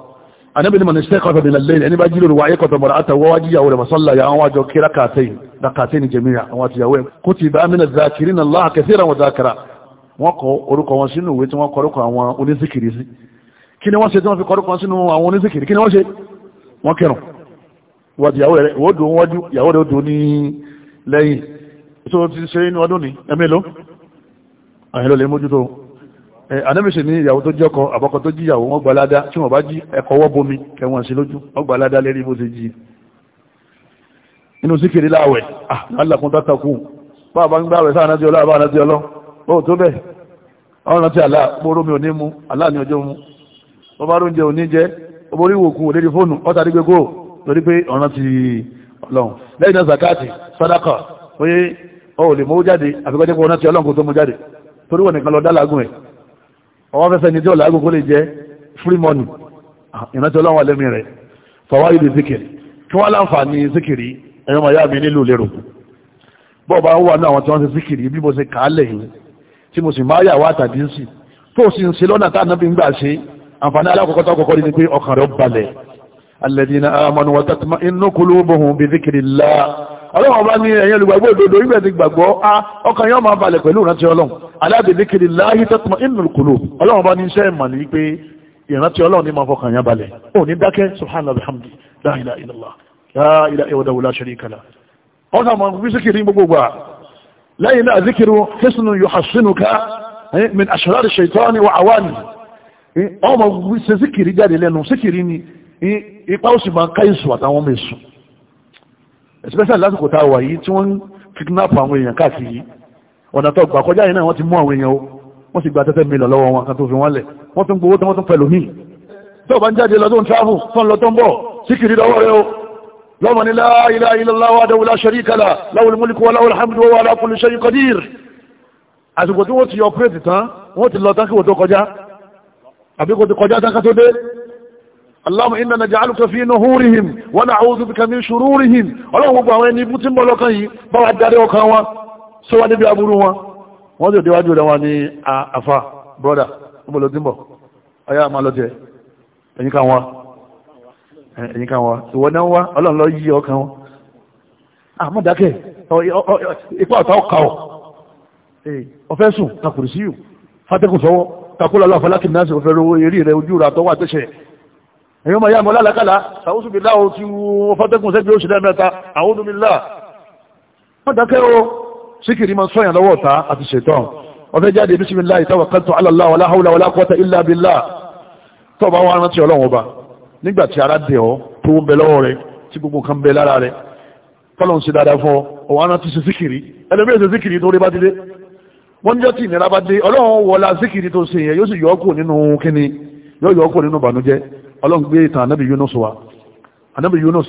anabi ni manise kọfẹ bin lẹ́yìn ẹni bá jí lórí wáyé kọfẹ mọ̀rọ̀ àtàwọ́ wájú ìyàwó rẹ̀ masọ́lá ya àwọn àjọ kíra kàtẹ́yìn na kàtẹ́yìn jẹmíra àwọn àtìyàwó ẹ̀ kó ti bá mìíràn zakirin Allah kẹsíra wọn zakara wọ́n kọ orúkọ wọn sínú ìwé tí wọ́n kọrúkọ àwọn onísìkiri sí kí ni wọ́n ṣe tí wọ́n fi kọrúkọ sínú àwọn onísìkiri kí ni wọ́n ṣe wọ́n kẹrùn wọ́n ìyàwó rẹ̀ wọ́n dùn wájú ìyàwó rẹ̀ dùn ní lẹ́yìn tó ti ṣe inú ọdún ní ẹ̀mẹ́lò àyẹ̀lò lè mójútó anábìsì eh, ní ìyàwó tó jọ́kọ àbọ́kọ tó jíyàwó wọ́n gbà ládá tí wọ́n bá jí ẹ̀kọ́ wọ́ bomi ẹ̀wọ̀n sí lójú wọ́n gbà ládá lérí bó ti jí inú síkiri láwẹ̀ alákun tátakù bá bá ń gbá rẹ̀ sáànájí ọlọ́ àbá ànájí ọlọ́ ó tó bẹ̀ ọ̀rọ̀ tí àlá bóró mi ò ní mú àlá ní náà zakati sadaka ó yé ó lè mú jáde àfikọ́jẹ́pọ̀ ọ̀rọ̀ tí ọlọ́run kò tó ọwọ́ fẹ́fẹ́ ní tí ọ̀la agogo lè jẹ́ free money ìrántí ọlọ́wọ́ lẹ́mí rẹ̀ fọwọ́ ìlú zikiri kí wọ́n láǹfààní zikiri ẹ̀yọ́ màá yá mi nílùú lérò bọ́ọ̀bá wà ní àwọn tí wọ́n ti zikiri bí mo ṣe kà á lẹ́yìn tí mo sì máa yà wá àtàdé sí tó sì ń ṣe lọ́nà tá ànábì ń gbà ṣe àǹfààní alákọ̀ọ́kọ́ tó pé ọkàn rẹ̀ balẹ̀ alladhina amanu wa tatma'innu qulubuhum bi dhikrillah ọlọ́run bá ní ẹ̀yin olùgbàgbọ́ òdodo ibẹ̀ ti gbàgbọ́ a ọkàn yóò máa balẹ̀ pẹ̀lú ìrántí ọlọ́run aláàbẹ̀dẹ́kẹ̀lẹ̀ láàyè tẹ́tùmọ̀ inú kùlù ọlọ́run bá ní iṣẹ́ ìmọ̀ ní pé ìrántí ọlọ́run ní máa fọkàn yán balẹ̀ ó ní dákẹ́ subhanallah alhamdi la ilaha illallah la ilaha illallah la sharika lah wọ́n sàmọ̀ bí síkìrì gbogbo gbà lẹ́yìn náà zikiru hisnu yuhasinuka eh, min ashrar shaitani wa awani ọmọ sí síkìrì jáde eh, ó sì máa káyìsù àtàwọn mẹ́sùn especially lásìkò tá a wà yìí tí wọ́n ń kidnap àwọn èèyàn káàkiri ọ̀nà tó gbà kọjá yìí náà wọ́n ti mú àwọn èèyàn o wọ́n sì gba tẹ́tẹ́ mílọ̀ lọ́wọ́ wọn kan tó fi wọ́n lẹ̀ wọ́n tún gbowó tí wọ́n tún pẹ̀lú míì tó bá ń jáde lọ tó ń travel tó ń lọ tó ń bọ̀ síkìrì lọ́wọ́ rẹ o lọ́mọ ni la ilaha illallah wahdahu la sharika lahu lahul mulku wa lahul hamdu wa huwa ala kulli shay'in qadir àsìkò tí wọ́n ti operate tán wọ́n ti lọ tán kí wọ́n tó kọjá àbí kò ti kọjá tán ká tó dé اللهم إنا نجعلك في نهورهم ونعوذ بك من شرورهم ọlọ́run gbogbo àwọn ẹni ibú tí ń bọ́ lọ́kàn yìí bá wà wa ọkàn wọn sọ wá níbi àbúrú wọn wọ́n tó déwájú wọn wọn àmọ́dákẹ́ ipa ọ̀tá ọkà ọ̀ ọfẹ́ sùn takùrù síyù fátẹ́kùn sọ́wọ́ takùrù aláfọlákì èyí ma yá mọ́ lálàkàlà sàúsùbìlá o ti wọ́n fọ́tẹ́kùn sẹ́gbẹ̀ oṣù lẹ́mẹ́ta àwọ́dúnmìlá wọ́n dákẹ́ o síkìrí ma sọ́yàn lọ́wọ́ ta àti ṣètàn ọ̀fẹ́ jáde bismillah tawakkaltu ala Allah wala hawla illa billah tó bá wá rántí ọlọ́run ọba nígbà tí ara dẹ̀ ọ́ tó ń bẹ lọ́wọ́ rẹ tí gbogbo nǹkan bẹ lára rẹ tọ́lọ̀ ń ṣe dáadáa fún ọ wọ́n ọlọ́run gbé ìtàn anábì Yunus wa anábì Yunus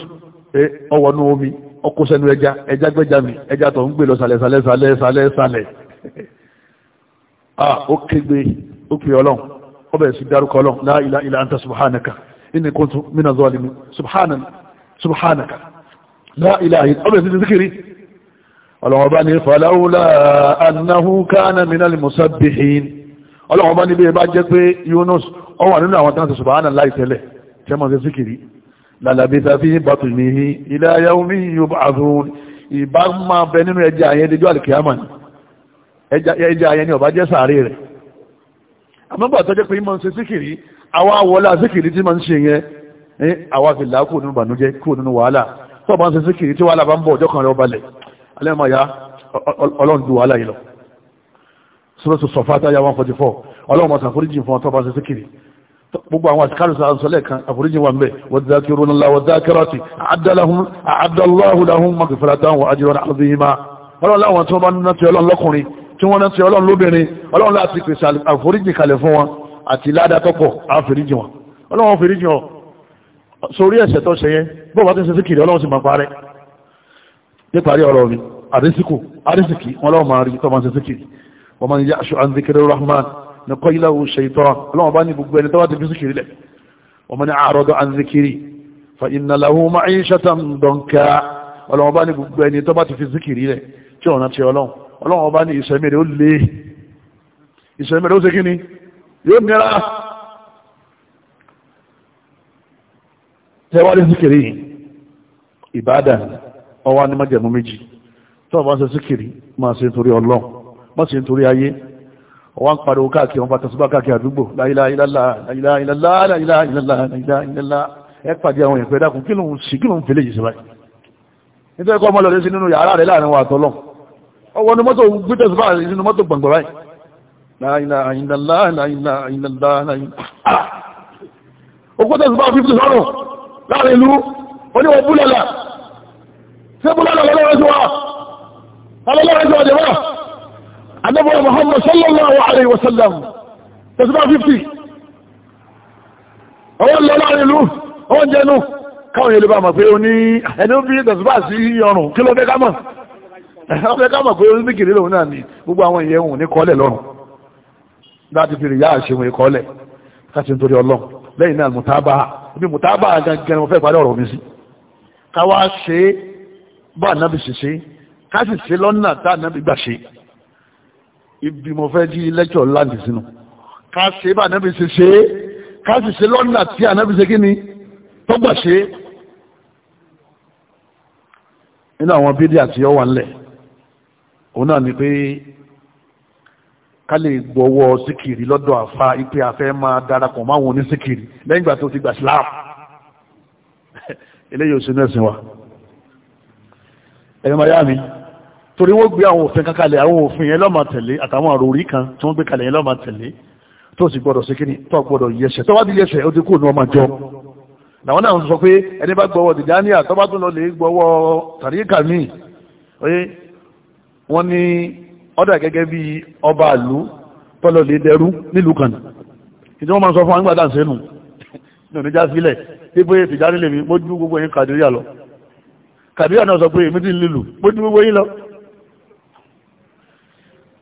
ọwọ́ nú omi ọkọ sẹ́nu ẹja ẹja gbẹ́ja mi ẹja tó ń gbé lọ sàlẹ̀ sàlẹ̀ sàlẹ̀ sàlẹ̀ sàlẹ̀ ah ó kégbe ó pè ọlọ́run ó bẹ̀rẹ̀ sí dárúkọ ọlọ́run la ilaha illa anta subhanaka inni kuntu mina zalimin subhanaka subhanaka la ilaha ó bẹ̀rẹ̀ sí zikiri ọlọ́run ọba ní falawla annahu kana minal musabbihin ọlọ́wọ́n bá níbi bá jẹ́ pé Yunus ọ wà nínú àwọn tánṣe ṣùgbọ́n àná láìtẹ́lẹ̀ tẹ́ mọ̀ sí síkìrì lálàbí tàbí bàtù ní ilé ayáwó mi yóò bá àfihàn ìbá máa bẹ nínú ẹja àyẹn díjọ́ àlìkìyàmà ni ẹja àyẹn ni ọba jẹ́ sàárè rẹ̀ àmọ́gbà tó jẹ́ pé mọ̀ sí síkìrì àwa wọlá síkìrì tí mọ̀ ń ṣe yẹn àwa fi là kúrò nínú bànújẹ́ kúrò nínú wàhálà tó bá ń sí síkìrì tí wàhálà bá ń bọ̀ ọjọ́ kan rẹ̀ ọbalẹ̀ alẹ́ mọ̀ ya ọlọ́run ju wàhálà yìí lọ sọ́rọ́sọ sọ̀fàtà yà 144 ọlọ́run ọ̀sán àforíjì fún ọ̀tọ́ bá ṣe síkiri gbogbo àwọn àtikárù sàásọ̀lẹ̀ kan àforíjì wà ń bẹ̀ wàdákìrún ńlá wàdákìrátì àdàláhùn magfiratan wa ajran azima ọlọ́run láwọn tí wọ́n bá ná ti ọlọ́run lọ́kùnrin tí wọ́n ná ti ọlọ́run lóbìnrin ọlọ́run láti pèsè àforíjì kalẹ̀ fún wọn àti ládàtọ́pọ̀ àforíjì wọn ọlọ́run foríjì wọn sórí ẹ̀ṣẹ̀ tó ṣe yẹn bó bá ti ṣe síkiri ọlọ́run sì máa parẹ́ níparí ọ̀rọ̀ mi àrísìkò àrísìkì wọn lọ́wọ́ máa rí tó wọ́n máa ń yá aṣọ àǹdíkẹrẹ rahman ní kọ́ ilé òun ṣètò ọlọ́wọ́n bá ní gbogbo ẹni tọ́wọ́ ti fi síkiri lẹ̀ wọ́n máa ní àròdọ̀ àǹdíkiri fa iná làwọn máa ń ṣàtàn dọ̀nká ọlọ́wọ́n bá ní gbogbo ẹni tọ́wọ́ ti fi síkiri lẹ̀ tí ọ̀nà ti ọlọ́wọ́n ọlọ́wọ́n wọ́n sì ń torí ayé wọ́n pariwo káàkiri wọn pàtàkì bá káàkiri àdúgbò láìláìlá ẹ pàdé àwọn èèyàn pẹ̀lú àkùn kí ló ń sì kí ló ń fèlè yìí síbáyì nítorí kọ́ ọmọlọ́dé sí nínú yàrá rẹ̀ láàrin wa àtọ́lọ́ ọwọ́ ni mọ́tò gbítẹ̀ sí báyìí nínú mọ́tò gbàngbà báyìí òkúta sí báyìí fífi sọ́rùn láàrin ìlú oníwọ̀ búlọ̀lá sí búlọ̀lá lọ́lọ́rẹ́ sí wa anábọ̀ Muhammad sallallahu alayhi wa sallam tẹ̀síbá 50 ọwọ́ lọ láàrin ìlú ọwọ́ jẹnu káwọn yẹlẹ́bà mọ̀ pé o ní ẹni bí tẹ̀síbá sí ọrùn kí ló fẹ́ ká mọ̀ ẹ̀họ́ fẹ́ ká mọ̀ pé orí bíkìrí lòun náà ni gbogbo àwọn ìyẹn òun ní kọ́lẹ̀ lọ́rùn láti fi rìyà àṣewìn ìkọ́lẹ̀ káti nítorí ọlọ́run lẹ́yìn náà mùtábà ibi mùtábà gangan mo fẹ́ parí ọ̀rọ̀ mi sí káwá ṣe bá ànábì ṣe ṣe ìbímọ fẹ́ jí lẹ́kṣọ̀ láti sínú ká ṣe bá ànábì ṣe ṣe é ká sì ṣe lọ́nà tí ànábì ṣe kí ni tọ́gbà ṣe é nínú àwọn bídí àti ọwà ńlẹ̀ òun náà ni pé ká lè gbọ́wọ́ síkìrì lọ́dọ̀ àfa ipe afẹ́ máa darapọ̀ máwọn onísíkìrì lẹ́yìn ìgbà tó ti gbà sílá eléyìí ò sínú ẹ̀sìn wa ẹ̀yọ́ máa yá mi torí wọ́n gbé àwọn òfin kankalẹ̀ àwọn òfin yẹn lọ́mà tẹ̀lé àtàwọn àròrí kan tí wọ́n gbé kalẹ̀ yẹn lọ́mà tẹ̀lé tó sì gbọ́dọ̀ sí kíní tó gbọ́dọ̀ yẹsẹ̀ tó bá ti yẹsẹ̀ ó ti kó ní ọmọ jọ làwọn náà sọ pé ẹni bá gbọ́wọ́ dìjáníà tó bá tún lọ lè gbọ́wọ́ tàríkà míì oye wọ́n ní ọ̀dà gẹ́gẹ́ bí ọba àlú tọ́lọ̀ lè dẹrú nílùú kan ìjọba máa sọ fún àwọn àgbàdàn sẹ́nu ní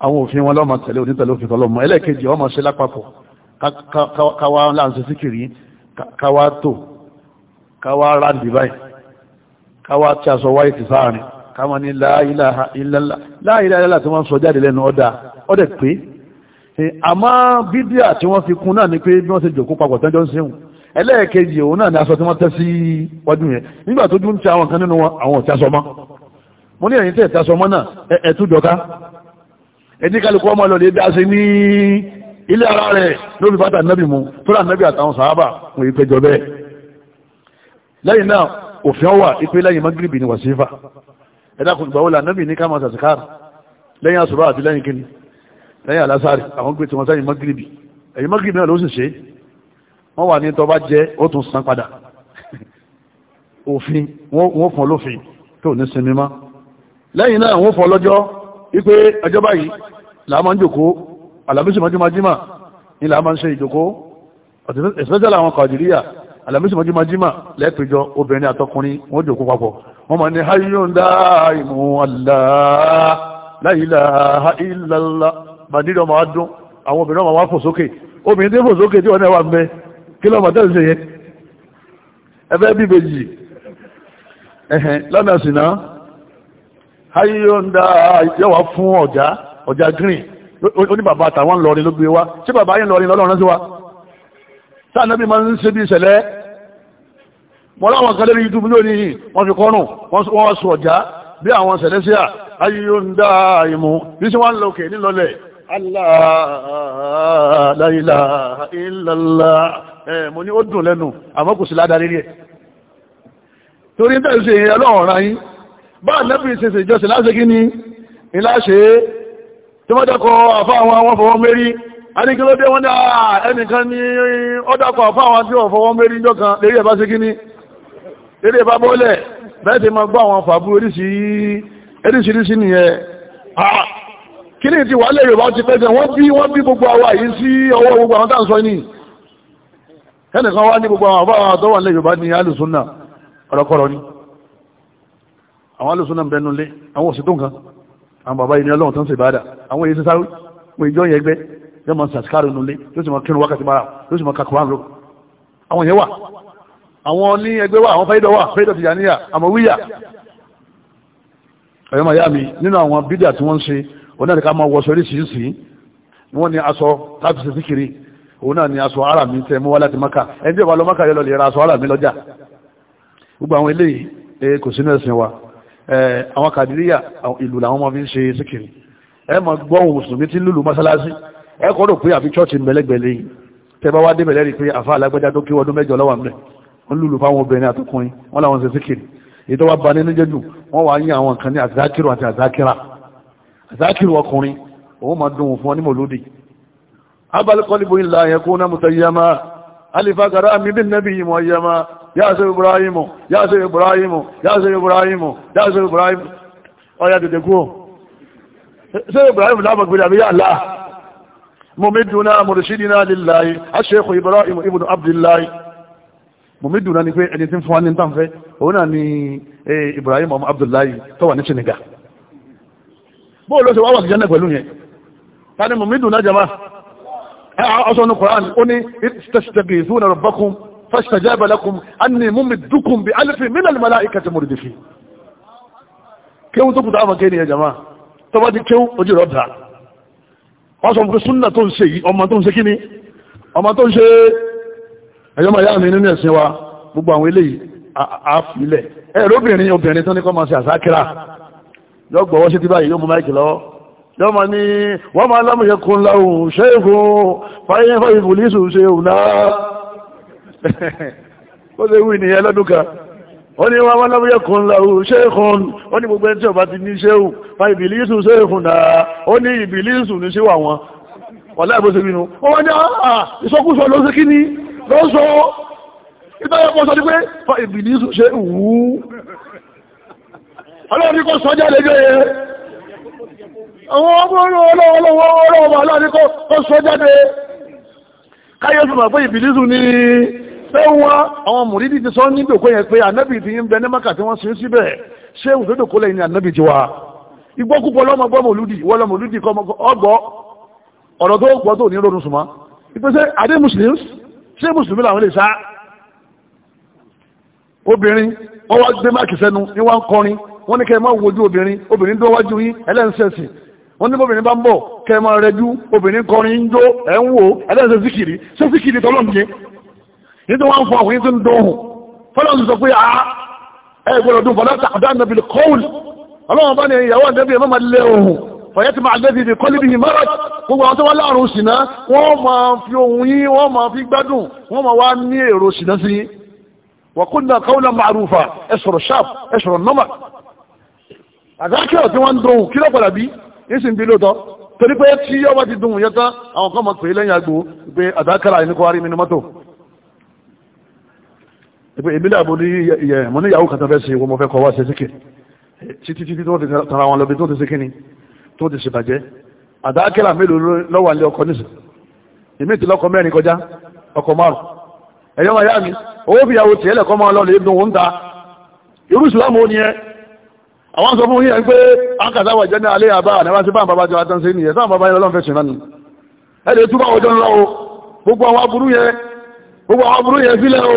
àwọn òfin wọn lọ́mọ tẹ̀lé onítẹ̀lé òfin tọ́lọ́mọ ẹlẹ́ẹ̀kejì ọmọ ṣe lápapọ̀ káwá láǹṣẹ́ síkìrí káwá tó káwá ráǹdì báyìí káwá tí a sọ wáyé ti sáàrin káwá ní la ilaha illallah la ilaha illallah tí wọ́n sọ jáde lẹ́nu ọ̀dà ọ̀dẹ̀ pé àmọ́ bídíà tí wọ́n fi kún náà ni pé bí wọ́n ṣe jòkó papọ̀ tẹ́jọ́ ń sẹ́wọ̀n ẹlẹ́ẹ̀kejì òun náà ni aṣọ tí wọ́n tẹ́ sí ọdún yẹn nígbà tó dún ti àwọn kan nínú àwọn ọ̀tí aṣọ mọ́ mo ní ẹ̀yìn tẹ́ ẹ̀tí aṣọ mọ́ náà ẹ̀ẹ́tú dọ́ká ẹjí kálukú ọmọ lọ lè dá sí ní ilé ara rẹ̀ lórí bàtà nẹ́bì mú tó rà nẹ́bì àtàwọn sàábà fún ìpẹjọ bẹ́ẹ̀ lẹ́yìn náà òfin ọwà ipé lẹ́yìn magribi ni wàsífà ẹ̀dá kò gbà wọlà nẹ́bì ní ká máa sàṣìkáàrì lẹ́yìn àṣùbà àti lẹ́yìn magribi ẹ̀yìn magribi náà ló sì ṣe wọ́n wà ní tó bá jẹ́ ó tún san padà òfin lẹ́yìn náà wọ́n fọ́ lọ́jọ́ wípé ọjọ́ báyìí làámọ́ ń jòkó àlàmísì mọ́júmájímà ní làámọ́ ń ṣe ìjòkó especially àwọn kọ̀dìríyà àlàmísì mọ́júmájímà lẹ́pẹ̀jọ obìnrin àtọkùnrin wọ́n jòkó papọ̀ wọ́n mọ̀ ní hayyun dáìmù Allah la ilaha illallah ayé ọ̀ndà yẹwà fún ọ̀já ọ̀já green oní bàbá àtàwọn ńlọrin ló gbé wa ṣé bàbá yẹn ńlọrin lọ́lọ́run sí wa sáà nábì máa ń ṣe bí ìṣẹ̀lẹ̀ mọ́ láwọn kan lórí youtube lónìí wọ́n fi kọ́rùn wọ́n sọ ọ̀já bí àwọn sẹ̀lẹ́síà ayé ọ̀ndà ìmú bí sí wọ́n ń lọkè nílọlẹ̀ Allah la ilaha illallah ẹ̀ mo ní ó dùn lẹ́nu àmọ́ kò sí ládàá lérí ẹ̀ torí bá ànábì ìsinsin ìjọsìn láti kí ni ìláṣẹ tí wọ́n dákọ̀ àfá àwọn àwọn fọwọ́ mérí adíkílódé wọ́n dá ẹnìkan ní ó dákọ̀ àfá àwọn tí wọ́n fọwọ́ mérí jọ kan lérí ẹ̀bá sí kí ni lérí ẹ̀bá bọ́ọ̀lẹ̀ bẹ́ẹ̀ ti máa gbọ́ àwọn fàbú oríṣiríṣi nìyẹn kí ni ti wà lè yorùbá ti pẹ́sẹ̀ wọ́n bí wọ́n bí gbogbo àwa yìí sí ọwọ́ gbogbo àwọn táà ń sọ ní ẹnìkan wá ní gbogbo àwọn àbáwọn àtọ́wà lè yorùbá ní alùsùn náà ọ̀rọ̀kọ̀rọ̀ ni àwọn alùsùnà bẹnu lé àwọn òsì tó nǹkan àwọn bàbá ilé ọlọ́run tó ń ṣe ìbáadà àwọn èyí sísáwí wọ́n ìjọ yẹn gbẹ́ yọ ma sàṣkárù nulé yóò sì ma kírun wákàtí mara yóò sì ma kakuran ro àwọn yẹn wà àwọn ní ẹgbẹ́ wà àwọn fẹ́dọ̀ wà fẹ́dọ̀ ti yàníyà àmọ́ wíyà ẹ̀yọ́ màá yá mi nínú àwọn bídíà tí wọ́n ń ṣe òun náà ni ká máa wọṣọ oríṣiríṣi wọ́n ní aṣọ láti ṣe síkiri òun náà ni àwọn kàdíríyà ìlú làwọn máa fi ń ṣe síkìrì ẹ máa gbọ́ ohun mùsùlùmí tí lùlù mọ́sálásí ẹ kọ́ rò pé àfi chọ́ọ̀chì mbẹ̀lẹ́gbẹ̀lẹ́ yìí tẹ́ bá wá débẹ̀lẹ́ rí pé àfa alágbẹ́dá tó kí ọdún mẹ́jọ lọ́wọ́ yáṣẹ́ ibrahimu yáṣẹ́ ibrahimu yáṣẹ́ ibrahimu yáṣẹ́ ibrahimu ọya dìde kú o ṣe ibrahimu lábọ̀ gbìyà bí yàlá mọ̀mídùnà mọ̀rìṣídìnà lillahi aṣẹ́kù ibrahimu ibùn abdullahi mọ̀mídùnà ni pé ẹni tí ń fún wa ní tàǹfẹ́ òun náà ni e, ibrahimu ọmọ abdullahi tó wà ní sinigá bóò ló ṣe wá wà sí jẹ́ pẹ̀lú yẹn ta ni فاستجاب لكم أني ممدكم بألف من الملائكة مردفين kéwú tó kù táwọn kéènì ẹ jàmá tó bá ti kéwú ojú rẹ̀ ọ̀dà wọ́n sọ pé súnà tó ń ṣe yìí ọmọ tó ń ṣe kíni ọmọ tó ń ṣe ẹ̀yọ́ máa yá mi nínú ẹ̀sìn wa gbogbo àwọn eléyìí àfilẹ̀ ẹ̀rọ obìnrin obìnrin tó ní kọ́ máa ṣe àsákìrà yóò gbọ́wọ́ sí ti báyìí yóò mú máìkì lọ́wọ́ yóò máa ní wọ́n máa lámùyẹ̀kùn láwùn ṣéèkùn fáyé fáyé pòlíṣù ṣe òun náà ó lè wí nìyẹn lọ́dún kan ó ní wọ́n wọ́n lábúyẹ́ kan láwú ṣéèkùn ó ní gbogbo ẹni tí ọba ti ní ṣéèkù fa ìbìlísù ṣéèkùn náà ó ní ìbìlísù ní ṣíwà wọn ọ̀lá ìbòsí bínú ó wọ́n ní ìsọkúsọ ló sí kíní ló sọ ìtọ́yẹ̀pọ̀ sọ ní pé fa ìbìlísù ṣe wú ọlọ́run ní kò sọ jáde jẹ́ àwọn ọmọ ọlọ́wọ́ ọlọ́wọ́ ọlọ́wọ́ ṣé wọn àwọn mùrídì ti sọ níbi òkú yẹn pé ànábì ti ń bẹ ní maka tí wọ́n sin síbẹ̀ ṣé òṣèlú kó lẹ́yìn ànábì ti wá igbó púpọ̀ lọ́mọ gbọ́ mòlúdì wọ́n lọ mòlúdì kọ́ ọgbọ́ ọ̀rọ̀ tó gbọ́ tó ní ronú sùnmọ́ ìpèsè adé muslims ṣé mùsùlùmí làwọn lè sá obìnrin wọ́n wá gbé máàkì sẹ́nu ní wọ́n ń kọrin wọ́n ní kẹ́ẹ̀ máa wojú obìnrin obìnrin dó wájú yín ẹlẹ́nsẹ̀sì wọ́n ní obìnrin bá ń bọ̀ kẹ́ẹ̀ máa rẹjú obìnrin kọrin ń jó ẹ̀ ń wò ẹlẹ́nsẹ̀ síkìrì ṣé síkìrì tọ́lọ́ nítorí wọ́n ń fọ ọ̀hún tó ń dóhùn fọlọ́n sọ pé a ah, ẹ gbọ́dọ̀ dún fọlọ́n tàkùdá nàbí kọ́ọ̀lù ọlọ́wọ́n bá ní ìyàwó àdẹ́bí ẹ̀mọ́ máa lé ohun fọ̀yẹ́tì máa lé dìde kọ́lí bíi mọ́rọ̀ gbogbo àwọn tó wá láàrùn ṣìnà wọ́n máa fi ohun yín wọ́n máa fi gbádùn wọ́n máa wá ní èrò ṣìnà sí yín wọ̀kúnnà kọ́ọ̀lá màrúfà ẹ sọ̀rọ̀ sharp ẹ sọ̀rọ̀ normal àdákẹ́ ọ̀tí wọ́n ń dùn kí lọ́pàdà bí ìsìn bí lóòtọ́ torí pé tí ọba ti dùn yẹn tán àwọn kan máa pè é lẹ́yìn àgbò pé ìpé ìbílẹ̀ àbò ní ìyẹ̀ mọ́ ní ìyàwó kàtà fẹ́ sí ìwọ́n mọ́ fẹ́ kọ́ wá sí síkì sí títí tí tó ti tara wọn lọ́bí tó ti síkì ni tó ti ṣèbàjẹ́ àdákẹ́là mélòó lọ́wọ́ alẹ́ ọkọ̀ nísìn ìmí ti lọ́kọ̀ mẹ́rin kọjá ọkọ̀ márùn ẹ̀yọ́ máa yá mi owó fi ìyàwó tiẹ̀ lẹ́kọ́ máa lọ lè dùn òun ta irú ìsìlámù ó nìyẹn àwọn sọ gbogbo àwọn aburú yẹn gbogbo àwọn aburú yẹn sílẹ̀ o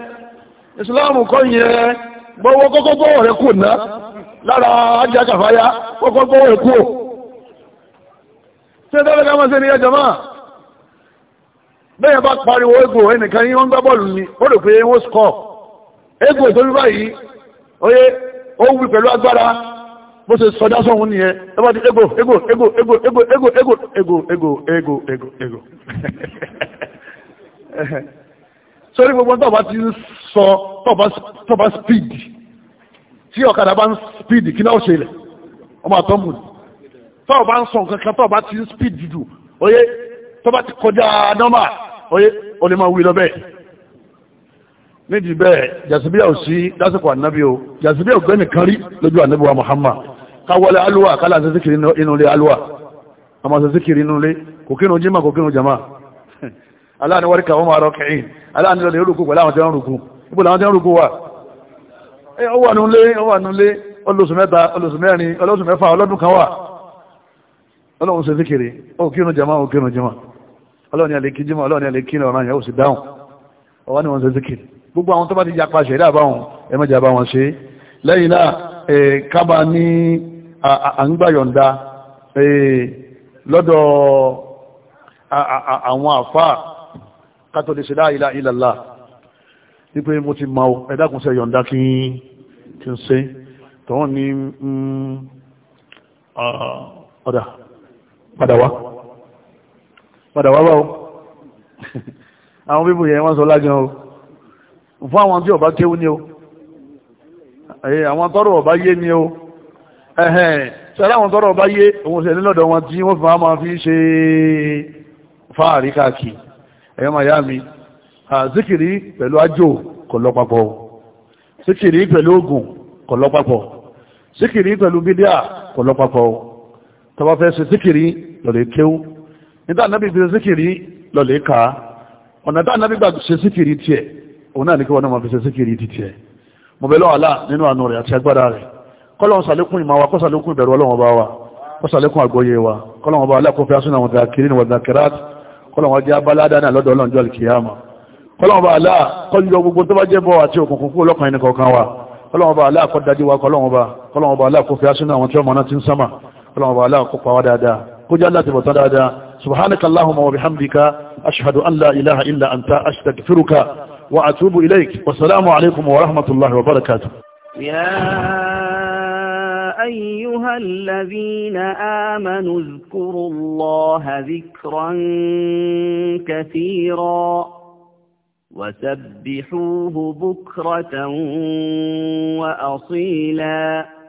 ìsìláàmù kọ́ o gbọ́wọ́ kọ́kọ́ gbọ́wọ́ rẹ̀ kù náà lára ajá kàfáyá kọ́kọ́ gbọ́wọ́ rẹ̀ kù tí ó dára ní ẹjọ́ máa bá pariwo ego ẹnìkan yí wọ́n gbá bọ́ọ̀lù ni ó rò pé wọ́n skọ́ ego tó onye báyìí oyé ó wí pẹ̀lú agbára bó ṣe sọ́hun ẹ ego ego ego ego ego ego ego ego ego ego ego ego torí gbogbo tó bá ti ń sọ tó bá speed tí ọ̀kadà bá ń speed kí náà ṣe ilẹ̀ ọmọ àtọ́mù tó bá ń sọ nǹkan kan tó bá ti ń speed jù oyé tó bá ti kọjá nọ́mà oyé o lè máa wí lọ bẹ́ẹ̀ nídìí bẹ́ẹ̀ jàsíbíyà ò sí lásìkò ànábì o jàsíbíyà ò gbẹ́nì kan rí lójú ànábì wa Muhammad káwọlé alúwà kálà ṣe síkiri inú ilé alúwà àmọ́ ṣe síkiri inú ilé kò kínú jímà kò kínú jàmá aláàni wọ́n kà wọ́n máa rọ́kẹ̀ yìí aláàni lọ́lẹ̀ orúkú pẹ̀lú àwọn jẹun rúkú ibò làwọn jẹun rúkú wà ọwà nulé ọwà nulé olóṣù mẹ́ta olóṣù mẹ́rin olóṣù mẹ́fà ọlọ́dún kan wà ọlọ́run ṣe fíkèrè òkínú jama òkínú jama ọlọ́run yàlẹ̀ kí jama ọlọ́run yàlẹ̀ kí ní ọ̀ràn yà ó sì dáhùn ọwà ni wọ́n ṣe fíkèrè gbogbo àwọn tó bá ti yapa ṣe ìdá àwọn àfáà kátó lè ṣe la ilaha illallah wípé mo ti ma ẹ̀dàkùnṣẹ́ yọ̀ǹda kí n ṣe tọ́wọ́n ní mm, ah, ọ̀dà padà wá padà wá báwo àwọn bíbù yẹn wọ́n sọ lágbọ́n o fún àwọn tí ọba kéwú ni o àwọn tọ́rọ ọba yé ni o ẹ̀hẹ̀n sẹ́lá àwọn tọ́rọ ọba yé òun sì nílọ́dọ̀ wọn tí wọ́n fi máa fi ṣe fáàrí káàkiri ẹ̀yọ́ máa yá mi zikiri pẹ̀lú ajo kò lọ papọ̀ zikiri pẹ̀lú oògùn kò lọ papọ̀ zikiri pẹ̀lú bídíà kò lọ papọ̀ tó bá fẹ́ ṣe zikiri lọ́lẹ̀ kéwú nígbà náà bí ṣe zikiri lọ́lẹ̀ ká ọ̀nà tá náà bí gbà ṣe zikiri tiẹ̀ òun náà ní kí wọ́n náà máa fi ṣe zikiri ti tiẹ̀ mo bẹ̀ lọ́wọ́ àlá nínú àánú rẹ̀ àti agbára rẹ̀ kọ́lọ́n ìmọ̀ wa kọ́sàlékún ìbẹ̀rù ọlọ́wọ́n bá wa kọ́sàlékún àgbọ́yé wa kọ́lọ́wọ́n bá alákòófẹ́ asúnà wọn dàkiri ni wọn dàkirá kọ́lọ̀wọ́ jẹ́ abáládá náà lọ́dọ̀ ọlọ́njọ́ alkiyama kọ́lọ̀wọ́ bá aláà kọ́lọ̀ gbogbo tó bá jẹ́ bọ́ àti òkùnkùn fún ọlọ́kan ẹni kọ̀ọ̀kan wa kọ́lọ̀wọ́ bá aláà kọ́ dájú wa kọ́lọ̀wọ́ bá aláà kó fi asínú àwọn tí ọmọ náà ti ń sámà kọ́lọ̀wọ́ bá aláà kó pa wá dáadáa kó jẹ́ aláà ti أيها الذين آمنوا اذكروا الله ذكرا كثيرا وسبحوه بكرة وأصيلاً